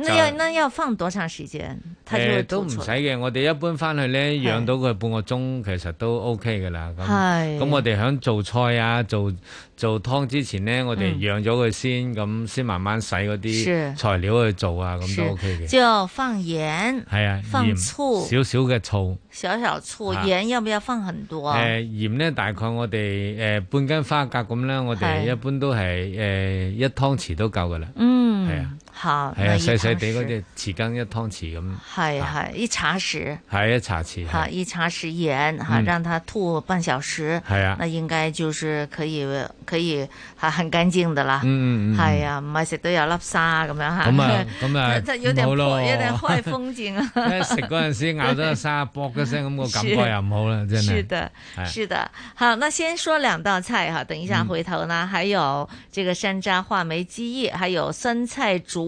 那要那要放多長時間？誒，都唔使嘅，我哋一般翻去咧養到佢半個鐘，其實都 OK 嘅啦。係，咁我哋喺做菜啊，做做湯之前咧，我哋養咗佢先，咁先慢慢洗嗰啲材料去做啊，咁都 OK 嘅。之後放鹽，係啊，放醋，少少嘅醋，少少醋。鹽要唔要放很多？誒，鹽咧大概我哋誒半斤花甲咁咧，我哋一般都係誒一湯匙都夠嘅啦。嗯，係啊。係啊，細細哋嗰隻匙羹一湯匙咁。係係一茶匙。係一茶匙。吓一茶匙鹽，吓，讓佢吐半小時。係啊，那應該就是可以可以嚇很乾淨的啦。嗯嗯嗯。係啊，唔係食到有粒沙咁樣吓。咁啊咁啊，唔好咯，有點壞風景啊。食嗰陣時咬咗個沙，啵嘅聲咁個感覺又唔好啦，真係。是的，是的。好，那先說兩道菜吓，等一下回頭呢，還有這個山楂話梅雞翼，還有酸菜煮。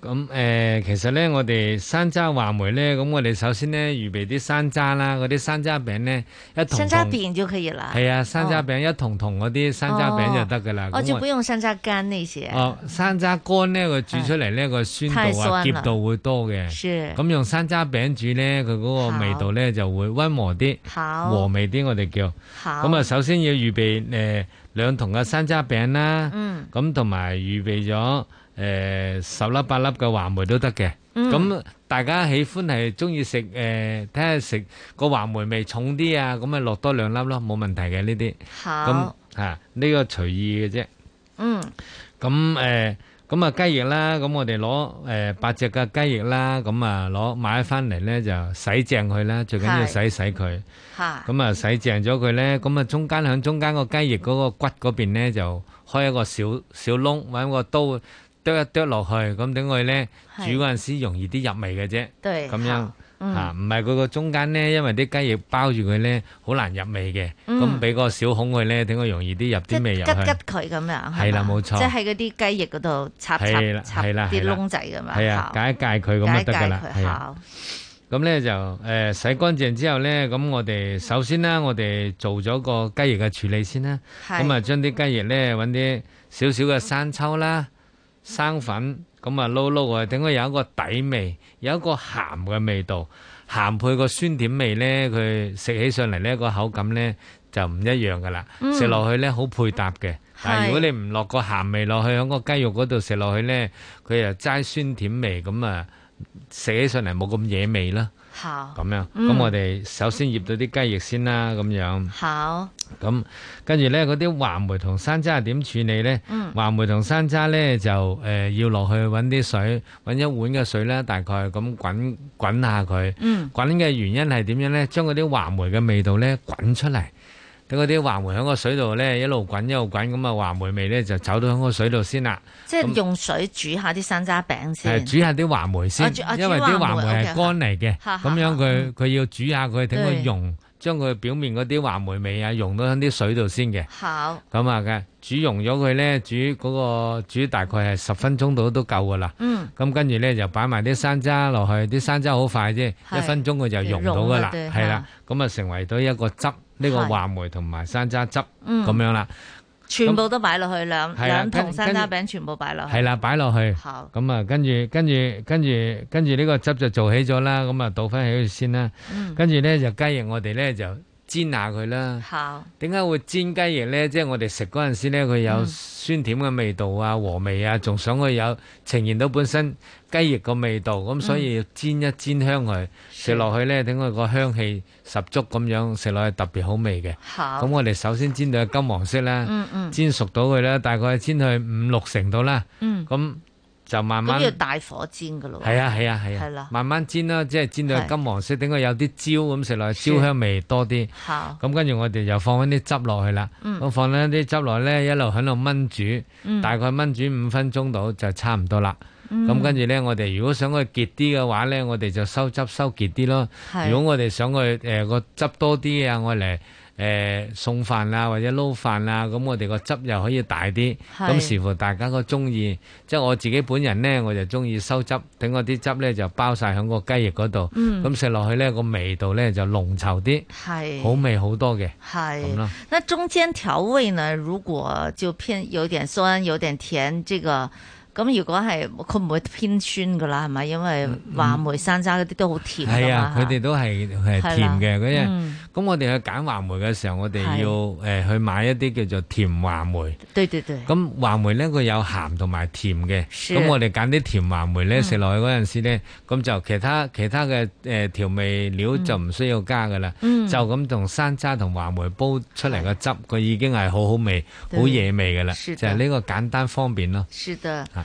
咁誒，其實咧，我哋山楂話梅咧，咁我哋首先咧，預備啲山楂啦，嗰啲山楂餅咧，一桶山楂餅就可以喇。係啊，山楂餅一桶桶嗰啲山楂餅就得噶啦。我就不用山楂乾呢，些。哦，山楂乾咧，佢煮出嚟咧，個酸度啊、澀度會多嘅。咁用山楂餅煮咧，佢嗰個味道咧就會溫和啲，和味啲。我哋叫。咁啊，首先要預備誒兩桶嘅山楂餅啦。咁同埋預備咗。誒，十粒八粒嘅話梅都得嘅，咁大家喜歡係中意食誒，睇下食個話梅味重啲啊，咁啊落多兩粒咯，冇問題嘅呢啲，咁吓呢個隨意嘅啫。嗯，咁誒，咁啊雞翼啦，咁我哋攞誒八隻嘅雞翼啦，咁啊攞買翻嚟咧就洗淨佢啦，最緊要洗洗佢。吓，咁啊洗淨咗佢咧，咁啊中間響中間個雞翼嗰個骨嗰邊咧就開一個小小窿，揾個刀，剁一剁落去，咁等佢咧煮嗰陣時容易啲入味嘅啫。咁樣吓，唔係佢個中間咧，因為啲雞翼包住佢咧，好難入味嘅。咁俾個小孔佢咧，等佢容易啲入啲味入去。吉吉佢咁樣係啦，冇錯。即係嗰啲雞翼嗰度插插插啲窿仔咁樣？係啊，解一解佢咁就得噶啦。咁咧就誒，洗乾淨之後咧，咁我哋首先咧，我哋做咗個雞翼嘅處理先啦。咁啊，將啲雞翼咧搵啲少少嘅生抽啦。生粉咁啊撈撈啊，點解有一個底味，有一個鹹嘅味道，鹹配個酸甜味呢，佢食起上嚟呢個口感呢，就唔一樣噶啦，食落去呢，好配搭嘅。嗯、但係如果你唔落個鹹味落去，響個雞肉嗰度食落去呢，佢又齋酸甜味咁啊，食起上嚟冇咁野味啦。咁樣，咁我哋首先醃到啲雞翼先啦，咁樣。好。咁跟住咧，嗰啲話梅同山楂係點處理咧？話梅同山楂咧就誒要落去揾啲水，揾一碗嘅水咧，大概咁滾滾下佢。滾嘅原因係點樣咧？將嗰啲話梅嘅味道咧滾出嚟。等嗰啲話梅喺個水度咧，一路滾一路滾，咁啊話梅味咧就走到喺個水度先啦。即係用水煮下啲山楂餅先。係煮下啲話梅先，因為啲話梅係乾嚟嘅，咁樣佢佢要煮下佢，等佢溶，將佢表面嗰啲話梅味啊溶到喺啲水度先嘅。好。咁啊嘅煮溶咗佢咧，煮嗰個煮大概係十分鐘度都夠噶啦。嗯。咁跟住咧就擺埋啲山楂落去，啲山楂好快啫，一分鐘佢就溶到噶啦，係啦。咁啊成為到一個汁。呢個話梅同埋山楂汁咁、嗯、樣啦，全部都擺落去兩兩桶山楂餅着全部擺落去，係啦，擺落去。好，咁啊，跟住跟住跟住跟住呢個汁就做起咗、嗯、啦。咁啊，倒翻起先啦。跟住咧就雞翼，我哋咧就煎下佢啦。好，點解會煎雞翼咧？即、就、係、是、我哋食嗰陣時咧，佢有酸甜嘅味道啊，和味啊，仲想佢有呈現到本身。雞翼個味道，咁所以要煎一煎香佢食落去呢，等佢個香氣十足咁樣食落去特別好味嘅。咁我哋首先煎到金黃色咧，嗯嗯、煎熟到佢咧，大概煎去五六成度啦。咁、嗯、就慢慢都要大火煎噶咯。係啊係啊係啊，啊啊啊啊慢慢煎啦，即係煎到金黃色，等佢是有啲焦咁食落去焦香味多啲。咁跟住我哋又放翻啲汁落去啦。咁、嗯、放翻啲汁落呢，一路喺度炆煮，大概炆煮五分鐘到就差唔多啦。咁、嗯、跟住呢，我哋如果想佢結啲嘅話呢，我哋就收汁收結啲咯。是如果我哋想佢誒個汁多啲啊，我嚟誒送飯啊，或者撈飯啊，咁我哋個汁又可以大啲。咁視是乎大家個中意。即係我自己本人呢，我就中意收汁，等我啲汁呢，就包晒喺個雞翼嗰度。咁食落去呢，這個味道呢就濃稠啲，好是味好多嘅。咁是咯。那中間調味呢？如果就偏有點酸，有點甜，這個。咁如果係佢唔會偏酸噶啦，係咪？因為話梅山楂嗰啲都好甜㗎嘛。係啊，佢哋都係係甜嘅嗰啲。咁我哋去揀話梅嘅時候，我哋要誒去買一啲叫做甜話梅。對對對。咁話梅咧，佢有鹹同埋甜嘅。咁我哋揀啲甜話梅咧，食落去嗰陣時咧，咁就其他其他嘅誒調味料就唔需要加㗎啦。嗯。就咁同山楂同話梅煲出嚟嘅汁，佢已經係好好味、好野味㗎啦。是的。就係呢個簡單方便咯。是的。啊。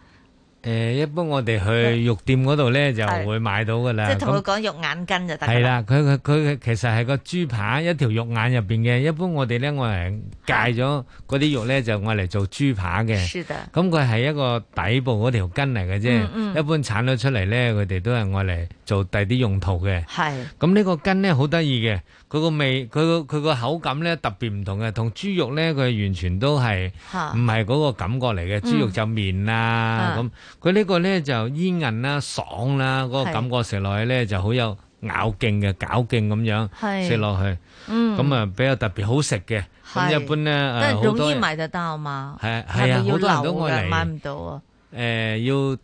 誒、呃，一般我哋去肉店嗰度咧，是就會買到噶啦。即係同佢講肉眼筋就得。係啦，佢佢佢其實係個豬扒一條肉眼入邊嘅。一般我哋咧，我嚟戒咗嗰啲肉咧，就我嚟做豬扒嘅。咁佢係一個底部嗰條筋嚟嘅啫。嗯嗯。一般鏟咗出嚟咧，佢哋都係我嚟做第啲用途嘅。係是。咁呢個筋咧好得意嘅，佢個味，佢個佢個口感咧特別唔同嘅，同豬肉咧佢完全都係，唔係嗰個感覺嚟嘅。豬、嗯、肉就綿啦咁。嗯佢呢個咧就煙韌啦、爽啦，嗰、那個感覺食落去咧是就好有咬勁嘅、搞勁咁樣食落去，咁啊、嗯嗯、比較特別好食嘅。是一般咧，都、啊呃、都容易買到嘛。係係啊，好多人都買唔到啊。誒，要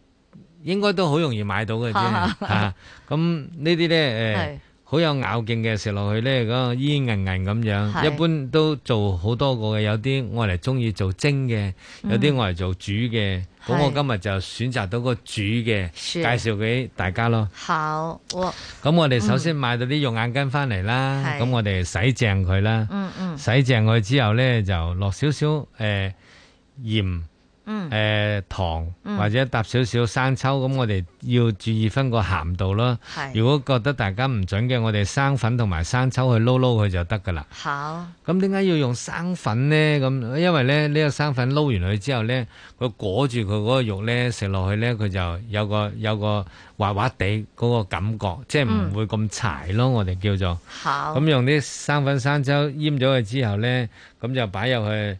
應該都好容易買到嘅啫。嚇、 呃，咁呢啲咧誒。呃好有咬勁嘅食落去咧，個煙韌韌咁樣，一般都做好多個嘅，有啲我嚟鍾意做蒸嘅，有啲我嚟做煮嘅。咁我今日就選擇到個煮嘅，介紹俾大家咯。好喎。咁我哋首先買到啲肉眼筋返嚟啦，咁我哋洗淨佢啦，洗淨佢之後咧就落少少誒鹽。嗯，呃、糖或者搭少少生抽，咁、嗯、我哋要注意翻個鹹度啦。是如果覺得大家唔準嘅，我哋生粉同埋生抽去撈撈佢就得噶啦。咁點解要用生粉呢？咁因為咧呢、呢個生粉撈完佢之後呢，佢裹住佢嗰個肉呢，食落去呢，佢就有個有個滑滑地嗰個感覺，即係唔會咁柴咯。我哋叫做咁好用啲生粉生抽醃咗佢之後呢，咁就擺入去誒。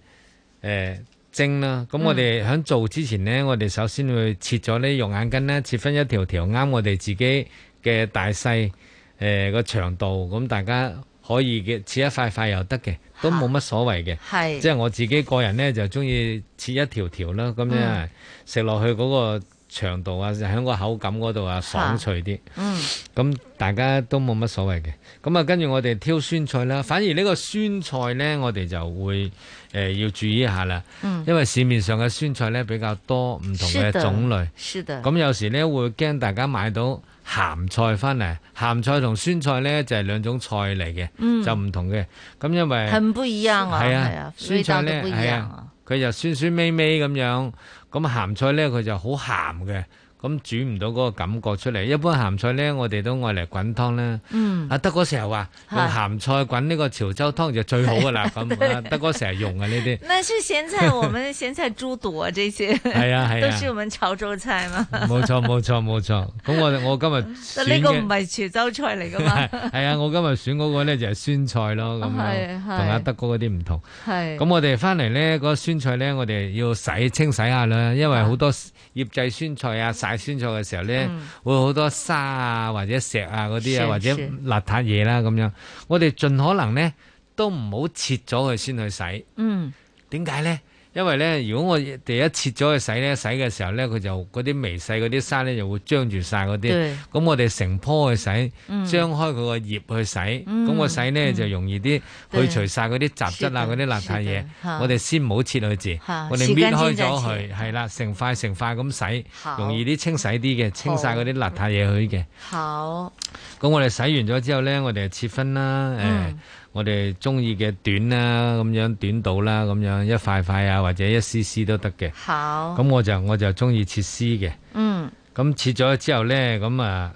呃蒸啦，咁我哋喺做之前呢，我哋首先會切咗呢肉眼根，咧，切分一條條啱我哋自己嘅大細，誒、呃、個長度，咁大家可以嘅切一塊塊又得嘅，都冇乜所謂嘅，蛤即係我自己個人呢，就中意切一條條啦，咁樣食落去嗰、那個。長度啊，喺個口感嗰度啊，爽脆啲，啊。嗯，咁大家都冇乜所謂嘅。咁啊，跟住我哋挑酸菜啦。反而呢個酸菜呢，我哋就會誒、呃、要注意一下啦。嗯、因為市面上嘅酸菜呢，比較多唔同嘅種類。是的。是的。咁有時候呢，會驚大家買到鹹菜翻嚟。鹹菜同酸菜呢，就係、是、兩種菜嚟嘅，嗯、就唔同嘅。咁因為係唔一樣啊。係啊，酸菜呢係啊，佢就酸酸味味咁樣。咁鹹菜咧，佢就好鹹嘅。咁煮唔到嗰個感覺出嚟。一般鹹菜咧，我哋都愛嚟滾湯咧。阿德哥成日話，用鹹菜滾呢個潮州湯就最好噶啦。咁對，德哥成日用嘅呢啲。對些那是咸菜，我們咸菜肚多呢啲係啊係啊。 都是我們潮州菜嘛。冇錯冇錯冇錯。咁、啊、我 我,我今日。但呢個唔係潮州菜嚟㗎嘛。係 啊，我今日選嗰個咧就係酸菜咯。係同阿德哥嗰啲唔同。係、啊。咁我哋翻嚟咧，嗰、那個、酸菜咧，我哋要洗清洗下啦，因為好多醃製酸菜啊，洗酸菜嘅時候咧，會有好多沙啊，或者石啊嗰啲啊，是是，或者邋遢嘢啦咁樣，我哋盡可能咧都唔好切咗佢先去洗。嗯，點解咧？因為咧，如果我哋一切咗去洗咧，洗嘅時候咧，佢就嗰啲微細嗰啲沙咧，就會張住晒嗰啲。咁我哋成棵去洗，張開佢個葉去洗。咁我洗咧就容易啲去除晒嗰啲雜質啊，嗰啲邋遢嘢。我哋先唔好切佢字，我哋搣開咗佢，係啦，成塊成塊咁洗，容易啲清洗啲嘅，清晒嗰啲邋遢嘢去嘅。好。咁我哋洗完咗之後咧，我哋就切分啦。誒。我哋中意嘅短啦，咁樣短到啦，咁樣一塊塊啊，或者一絲絲都得嘅。好。咁我就我就中意切絲嘅。嗯。咁切咗之後咧，咁啊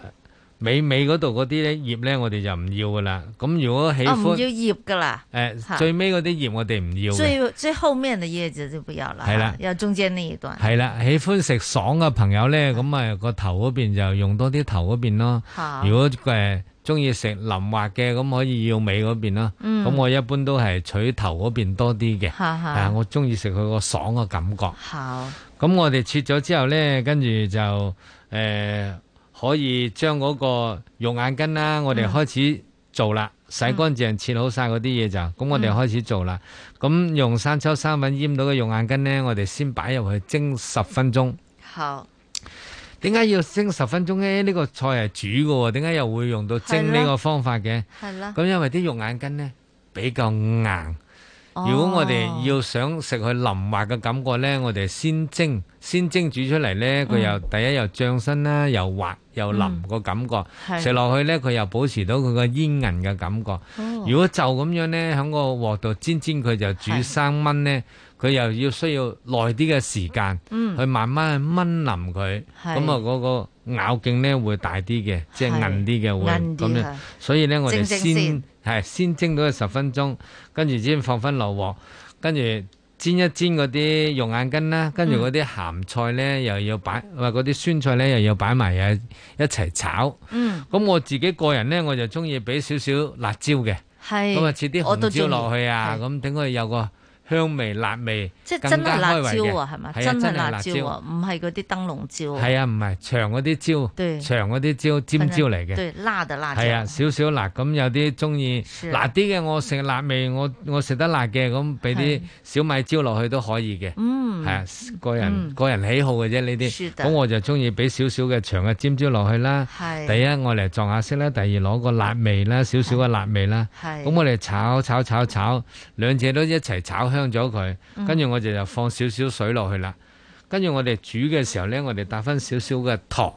尾尾嗰度嗰啲咧葉咧，我哋就唔要噶啦。咁如果喜歡、哦、要葉噶啦。誒、欸，最尾嗰啲葉我哋唔要。最最後面嘅葉子就不要啦。係啦、啊，要中間呢一段。係啦、啊啊，喜歡食爽嘅朋友咧，咁啊個頭嗰邊就用多啲頭嗰邊咯。好如果誒。中意食淋滑嘅，咁可以要尾嗰邊啦。咁、嗯、我一般都係取頭嗰邊多啲嘅。嗯、但我中意食佢個爽嘅感覺。好。咁我哋切咗之後呢，跟住就誒、呃，可以將嗰個肉眼根啦，我哋開始做啦，嗯、洗乾淨、切好晒嗰啲嘢就，咁我哋開始做啦。咁、嗯、用生抽、生粉醃到嘅肉眼根呢，我哋先擺入去蒸十分鐘。好。點解要蒸十分鐘呢？呢、哎、這個菜係煮嘅喎，點解又會用到蒸呢個方法嘅？係啦。咁因為啲肉眼筋呢，比較硬，哦、如果我哋要想食佢腍滑嘅感覺呢，我哋、哦、先蒸，先蒸煮出嚟呢，佢又、嗯、第一又漲身啦，又滑又腍個感覺，食落、嗯、去呢，佢又保持到佢個煙韌嘅感覺。哦、如果就咁樣呢，喺個鑊度煎煎佢就煮生蚊呢。佢又要需要耐啲嘅時間，去慢慢去燜腍佢，咁啊嗰個咬勁咧會大啲嘅，即係硬啲嘅會。硬啲所以咧，我哋先係先蒸到佢十分鐘，跟住先放翻落鑊，跟住煎一煎嗰啲肉眼筋啦，跟住嗰啲鹹菜咧又要擺，嗰啲酸菜咧又要擺埋啊一齊炒。嗯。咁我自己個人咧，我就中意俾少少辣椒嘅，咁啊切啲紅椒落去啊，咁等佢有個。香味、辣味，更加開胃嘅，係嘛？係啊，真係辣椒啊，唔係啲燈籠椒係啊，唔係長啲椒，長嗰啲椒尖椒嚟嘅，對辣嘅辣椒係啊，少少辣咁，有啲中意辣啲嘅。我食辣味，我我食得辣嘅，咁俾啲小米椒落去都可以嘅。嗯，係啊，個人個人喜好嘅啫呢啲。咁我就中意俾少少嘅長嘅尖椒落去啦。係。第一，我嚟撞下色啦；第二，攞個辣味啦，少少嘅辣味啦。係。咁我哋炒炒炒炒，兩者都一齊炒香咗佢，跟住我哋就放少少水落去啦。跟住我哋煮嘅時候咧，我哋打返少少嘅糖，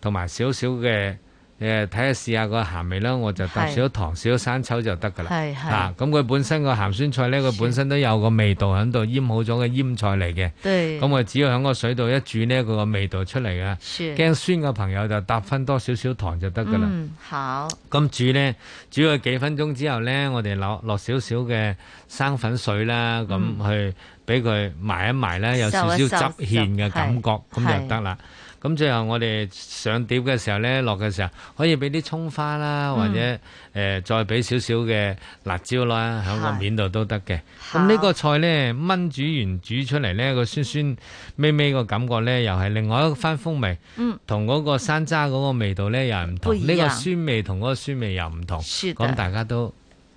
同埋少少嘅。誒睇下試下個鹹味啦，我就搭少少糖，少少生抽就得噶啦。係係。嗱，咁佢本身個鹹酸菜咧，佢本身都有個味道喺度，醃好咗嘅醃菜嚟嘅。咁我只要喺個水度一煮咧，佢個味道出嚟嘅。驚酸嘅朋友就搭翻多少少糖就得噶啦。好。咁煮咧，煮佢幾分鐘之後咧，我哋落落少少嘅生粉水啦，咁去俾佢埋一埋咧，有少少汁芡嘅感覺，咁就得啦。咁最後我哋上碟嘅時候呢，落嘅時候可以俾啲蔥花啦，嗯、或者、呃、再俾少少嘅辣椒啦，喺個面度都得嘅。咁呢是個菜呢，炆煮完煮出嚟呢個酸酸咪咪個感覺呢，又係另外一番風味。同嗰、嗯、個山楂嗰個味道呢，又係唔同。呢個酸味同嗰個酸味又唔同。咁的大家都。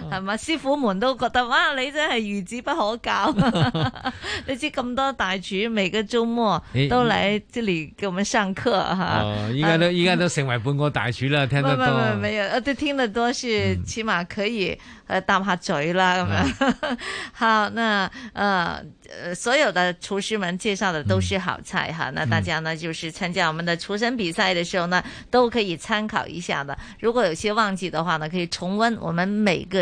係嘛？哦、師傅們都覺得哇，你真係孺子不可教。呵呵 你知咁多大廚每個周末都嚟這裏給我們上課哈。哦，應該都應該都成為半個大廚啦，聽得多。嗯、沒有，沒沒都聽得多是起碼可以搭下嘴啦咁樣。好，那呃所有的廚師們介紹的都是好菜，嗯、哈。那大家呢，就是參加我們的廚神比賽的時候呢，都可以參考一下的。如果有些忘記的話呢，可以重溫我們每個。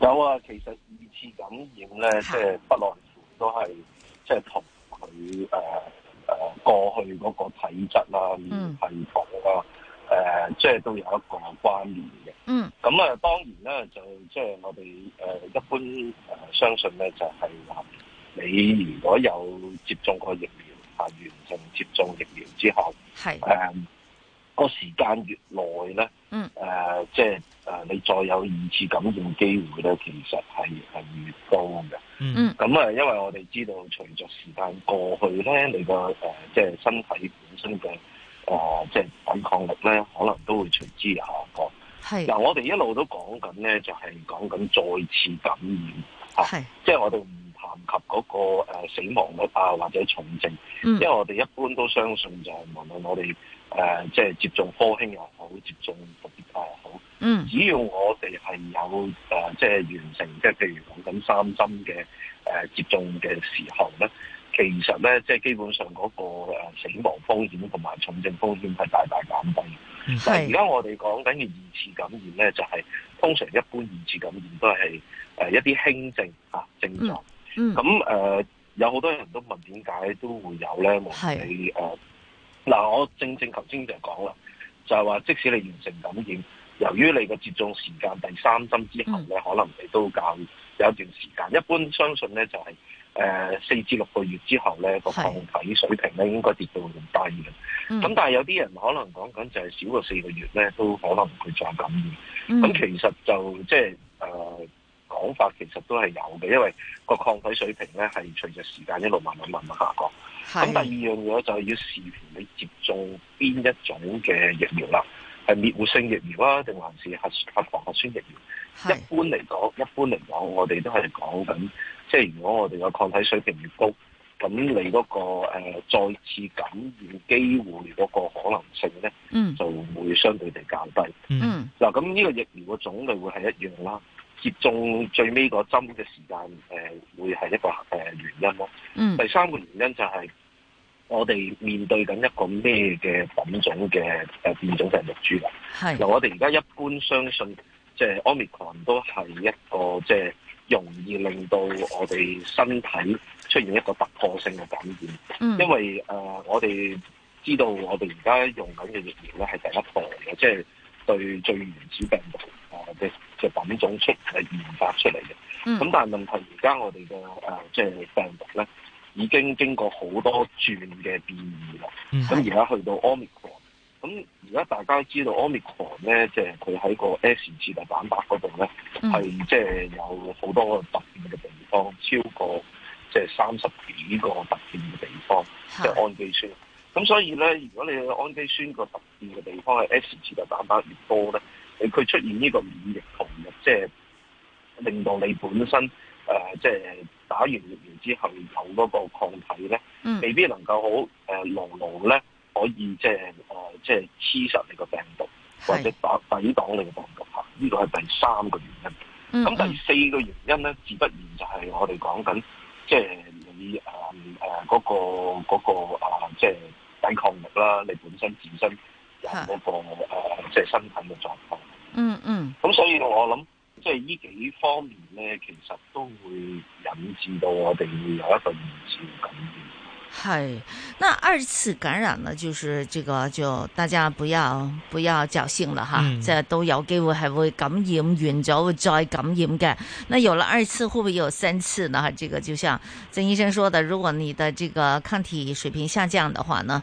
有啊，其實二次感染咧，即係不外乎都係即係同佢誒過去嗰個體質啊、系乏、嗯、啊誒，即、呃、係、就是、都有一個關聯嘅。嗯，咁啊，當然咧就即係、就是、我哋誒、呃、一般誒相信咧，就係、是、話你如果有接種過疫苗啊，完成接種疫苗之後，係是、呃個時間越耐咧，誒、嗯，即係誒，你再有二次感染機會咧，其實係係越多嘅。嗯，咁啊，因為我哋知道，隨著時間過去咧，你個誒，即、呃、係、就是、身體本身嘅誒，即係抵抗力咧，可能都會隨之下降。係是，嗱，我哋一路都講緊咧，就係、是、講緊再次感染。係是，即係、啊就是、我哋唔談及嗰、那個、呃、死亡率啊，或者重症，嗯、因為我哋一般都相信就係無論我哋。誒、呃，即係接種科興又好，接種復必泰又好，嗯，只要我哋係有誒、呃，即係完成的，即係譬如講緊三針嘅誒、呃、接種嘅時候咧，其實咧，即係基本上嗰個死亡風險同埋重症風險係大大減低。但係而家我哋講緊嘅二次感染咧，就係、是、通常一般二次感染都係誒一啲輕症嚇、啊、症狀。咁誒、嗯嗯呃、有好多人都問點解都會有咧？無論是嗱、啊，我正正頭先就講啦，就係話即使你完成感染，由於你個接種時間第三針之後咧，嗯、可能你都較有一段時間，一般相信咧就係誒四至六個月之後咧個抗體水平咧應該跌到咁低嘅。咁但係有啲人可能講緊就係少過四個月咧，都可能佢再感染。咁其實就即係誒講法其實都係有嘅，因為個抗體水平咧係隨著時間一路慢慢慢慢下降。咁第二樣嘢就係要視乎你接種邊一種嘅疫苗啦，係滅活性疫苗啊，定還是核核糖核酸疫苗？是一般嚟講，一般嚟講，我哋都係講緊，即係如果我哋個抗體水平越高，咁你嗰、嗰個、呃、再次感染機會嗰個可能性咧，就會相對地較低。嗯，嗱咁呢個疫苗嘅種類會係一樣啦。接種最尾個針嘅時間，誒、呃、會係一個誒原因咯。嗯、第三個原因就係我哋面對緊一個咩嘅品種嘅誒變種病毒株啦。係是，嗱、呃、我哋而家一般相信，即、就、係、是、Omicron 都係一個即係、就是、容易令到我哋身體出現一個突破性嘅感染。嗯、因為誒、呃、我哋知道我哋而家用緊嘅疫苗咧係第一代嘅，即、就、係、是、對最原始病毒。嘅嘅品種出係研發出嚟嘅，咁、嗯、但係問題，而家我哋嘅誒即係病毒咧，已經經過好多轉嘅變異啦。咁而家去到 Omicron，咁而家大家知道 Omicron 咧，即係佢喺個 S 刺突蛋白嗰度咧，係即係有好多個突變嘅地方，超過即係三十幾個突變嘅地方，即係氨基酸。咁的所以咧，如果你去氨基酸個突變嘅地方係 S 刺突蛋白越多咧。你佢出現呢個免疫同弱，即、就、係、是、令到你本身即係、呃就是、打完疫苗之後有嗰個抗體咧，嗯、未必能夠好、呃、牢牢咧可以即係誒即係黐實你個病毒，或者抵抵擋你個病毒吓。呢個係第三個原因。咁、嗯嗯、第四個原因咧，自不然就係我哋講緊，即、就、係、是、你嗰、呃呃那個嗰、那個啊，即係抵抗力啦，你本身自身。有、那個即係身體嘅狀況。嗯嗯，咁所以我諗，即係呢幾方面咧，其實都會引致到我哋會有一份唔安全感。係，那二次感染呢？就是這個就大家不要不要僥倖了吓，即係、嗯、都有機會係會感染完咗會再感染嘅。那有了二次，會唔會有三次呢？吓，這個就像曾醫生說的，如果你的這個抗體水平下降的話呢？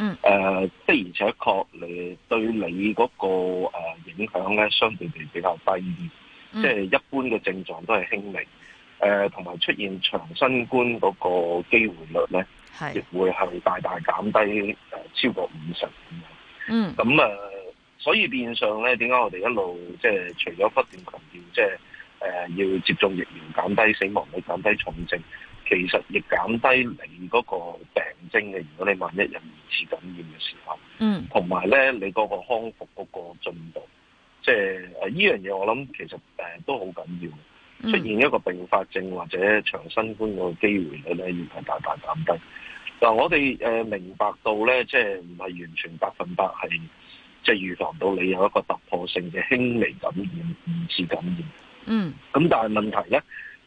嗯，誒的、呃、而且確嚟你對你嗰個影響咧，相對地比、比較低，即係、嗯、一般嘅症狀都係輕微，誒同埋出現長新冠嗰個機會率咧，亦是會係大大減低誒、呃、超過五成。咁樣。嗯，咁誒、呃，所以變相咧，點解我哋一路即係、就是、除咗不斷強調，即係誒要接種疫苗減低死亡，去減低重症。其實亦減低你嗰個病徵嘅，如果你萬一人二次感染嘅時候，嗯，同埋咧你嗰個康復嗰個進度，即係呢樣嘢，啊這個、我諗其實、啊、都好緊要，出現一個併發症或者長新冠個機會率咧，要大，大大減低。嗱、啊，我哋、啊、明白到咧，即係唔係完全百分百係即係預防到你有一個突破性嘅輕微感染、二次感染。嗯。咁但係問題咧，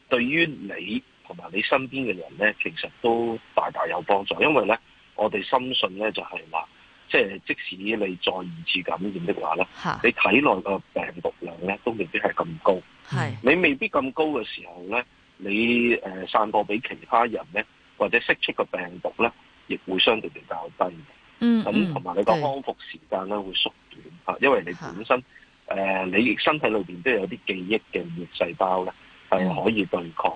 對於你。同埋你身邊嘅人咧，其實都大大有幫助，因為咧，我哋深信咧就係、是、話，即係即使你再二次感染的話咧，是你體內個病毒量咧都未必係咁高，是你未必咁高嘅時候咧，你、呃、散播俾其他人咧，或者釋出個病毒咧，亦會相對比較低。咁同埋你個康復時間咧是會縮短吓，因為你本身誒是、呃、你身體裏面都有啲記憶嘅免疫細胞咧，係、嗯、可以對抗。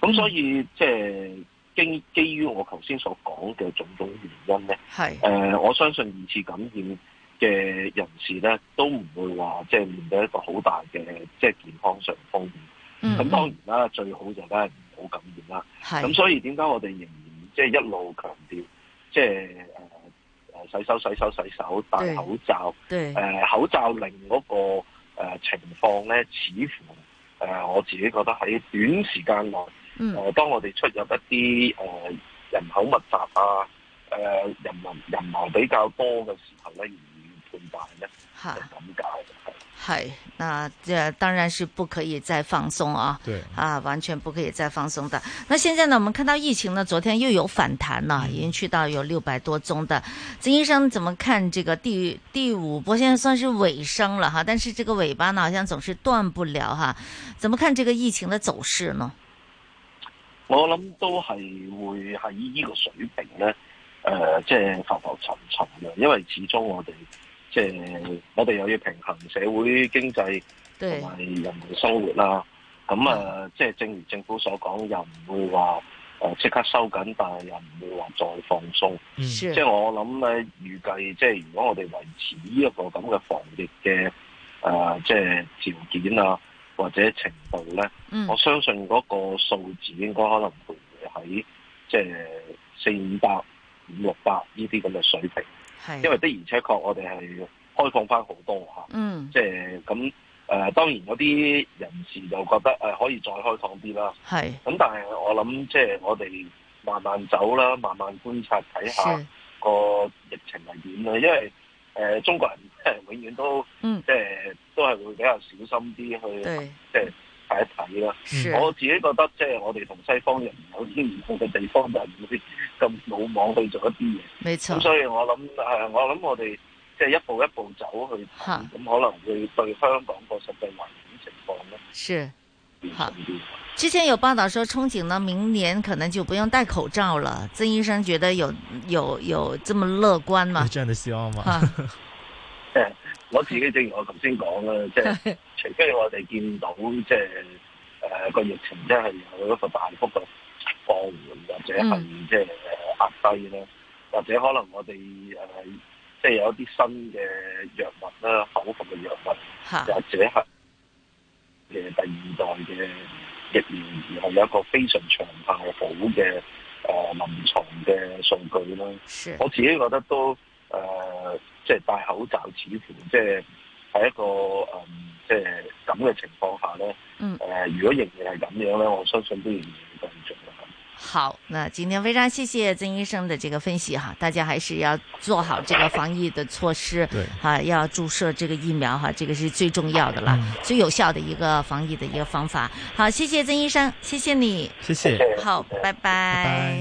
咁所以、嗯、即係基基於我頭先所講嘅種種原因咧，係誒是、呃、我相信二次感染嘅人士咧，都唔會話即係面對一個好大嘅即係健康上風險。咁、嗯、當然啦，最好就梗係唔好感染啦。咁是所以點解我哋仍然即係一路強調即係誒誒洗手、洗手、洗手，戴口罩。誒口罩令嗰、那個、呃、情況咧，似乎誒、呃、我自己覺得喺短時間內。誒，嗯、當我哋出入一啲誒、呃、人口密集啊，誒、呃、人流人流比較多嘅時候咧，而判別嘅嚇咁係，那誒，當然是不可以再放鬆啊，對，啊，完全不可以再放鬆的。那現在呢，我們看到疫情呢，昨天又有反彈啦，已經去到有六百多宗的。曾醫生，怎麼看這個第第五波？現在算是尾聲了哈、啊，但是這個尾巴呢，好像總是斷不了哈、啊。怎麼看這個疫情的走勢呢？我諗都係會喺呢個水平咧，誒、呃，即係浮浮沉沉嘅，因為始終我哋即係我哋又要平衡社會經濟同埋人民生活啦。咁對啊，即係正如政府所講，又唔會話誒即刻收緊，但係又唔會話再放鬆。即係的我諗咧，預計即係如果我哋維持呢一個咁嘅防疫嘅誒，即係條件啊。或者程度咧，嗯、我相信嗰個數字應該可能會喺即係四五百、五六百呢啲咁嘅水平，係、啊、因為的而且確我哋係開放翻好多吓，嗯，即係咁誒。當然有啲人士就覺得誒、呃、可以再開放啲啦，係是。咁但係我諗即係我哋慢慢走啦，慢慢觀察睇下個疫情係點啦，是因為誒、呃、中國人即係、呃、永遠都即係。嗯即係都係會比較小心啲去，對即係睇一睇啦。是我自己覺得，即係我哋同西方人有啲唔同嘅地方就係唔會咁魯莽去做一啲嘢。沒錯錯。咁、嗯、所以我諗，誒，我諗我哋即係一步一步走去，咁哈可能會對香港個實際環境情況咯。是。好，之前有報道說，憧憬到明年可能就不用戴口罩了。曾醫生覺得有有有這麼樂觀嗎？有這樣的希望嗎？對哈。 我自己正如我頭先講啦， 即係除非我哋見到即係誒、呃這個疫情真係有一個大幅度放緩，或者係、嗯、即係壓低啦，或者可能我哋、呃、即係有一啲新嘅藥物啦，口服嘅藥物， 或者係誒第二代嘅疫苗然後有一個非常長效好嘅誒臨床嘅數據啦。是我自己覺得都。誒、呃，即係戴口罩，似乎即係喺一個嗯即係咁嘅情況下咧，誒、嗯呃，如果仍然係咁樣咧，我相信都仍然唔夠做啦。好，那今天非常謝謝曾醫生的這個分析哈，大家還是要做好這個防疫的措施，對，哈、啊，要注射這個疫苗哈，這個是最重要的啦，了最有效的一個防疫的一個方法。好，謝謝曾醫生，謝謝你，謝謝，好，謝謝好，拜拜。拜拜。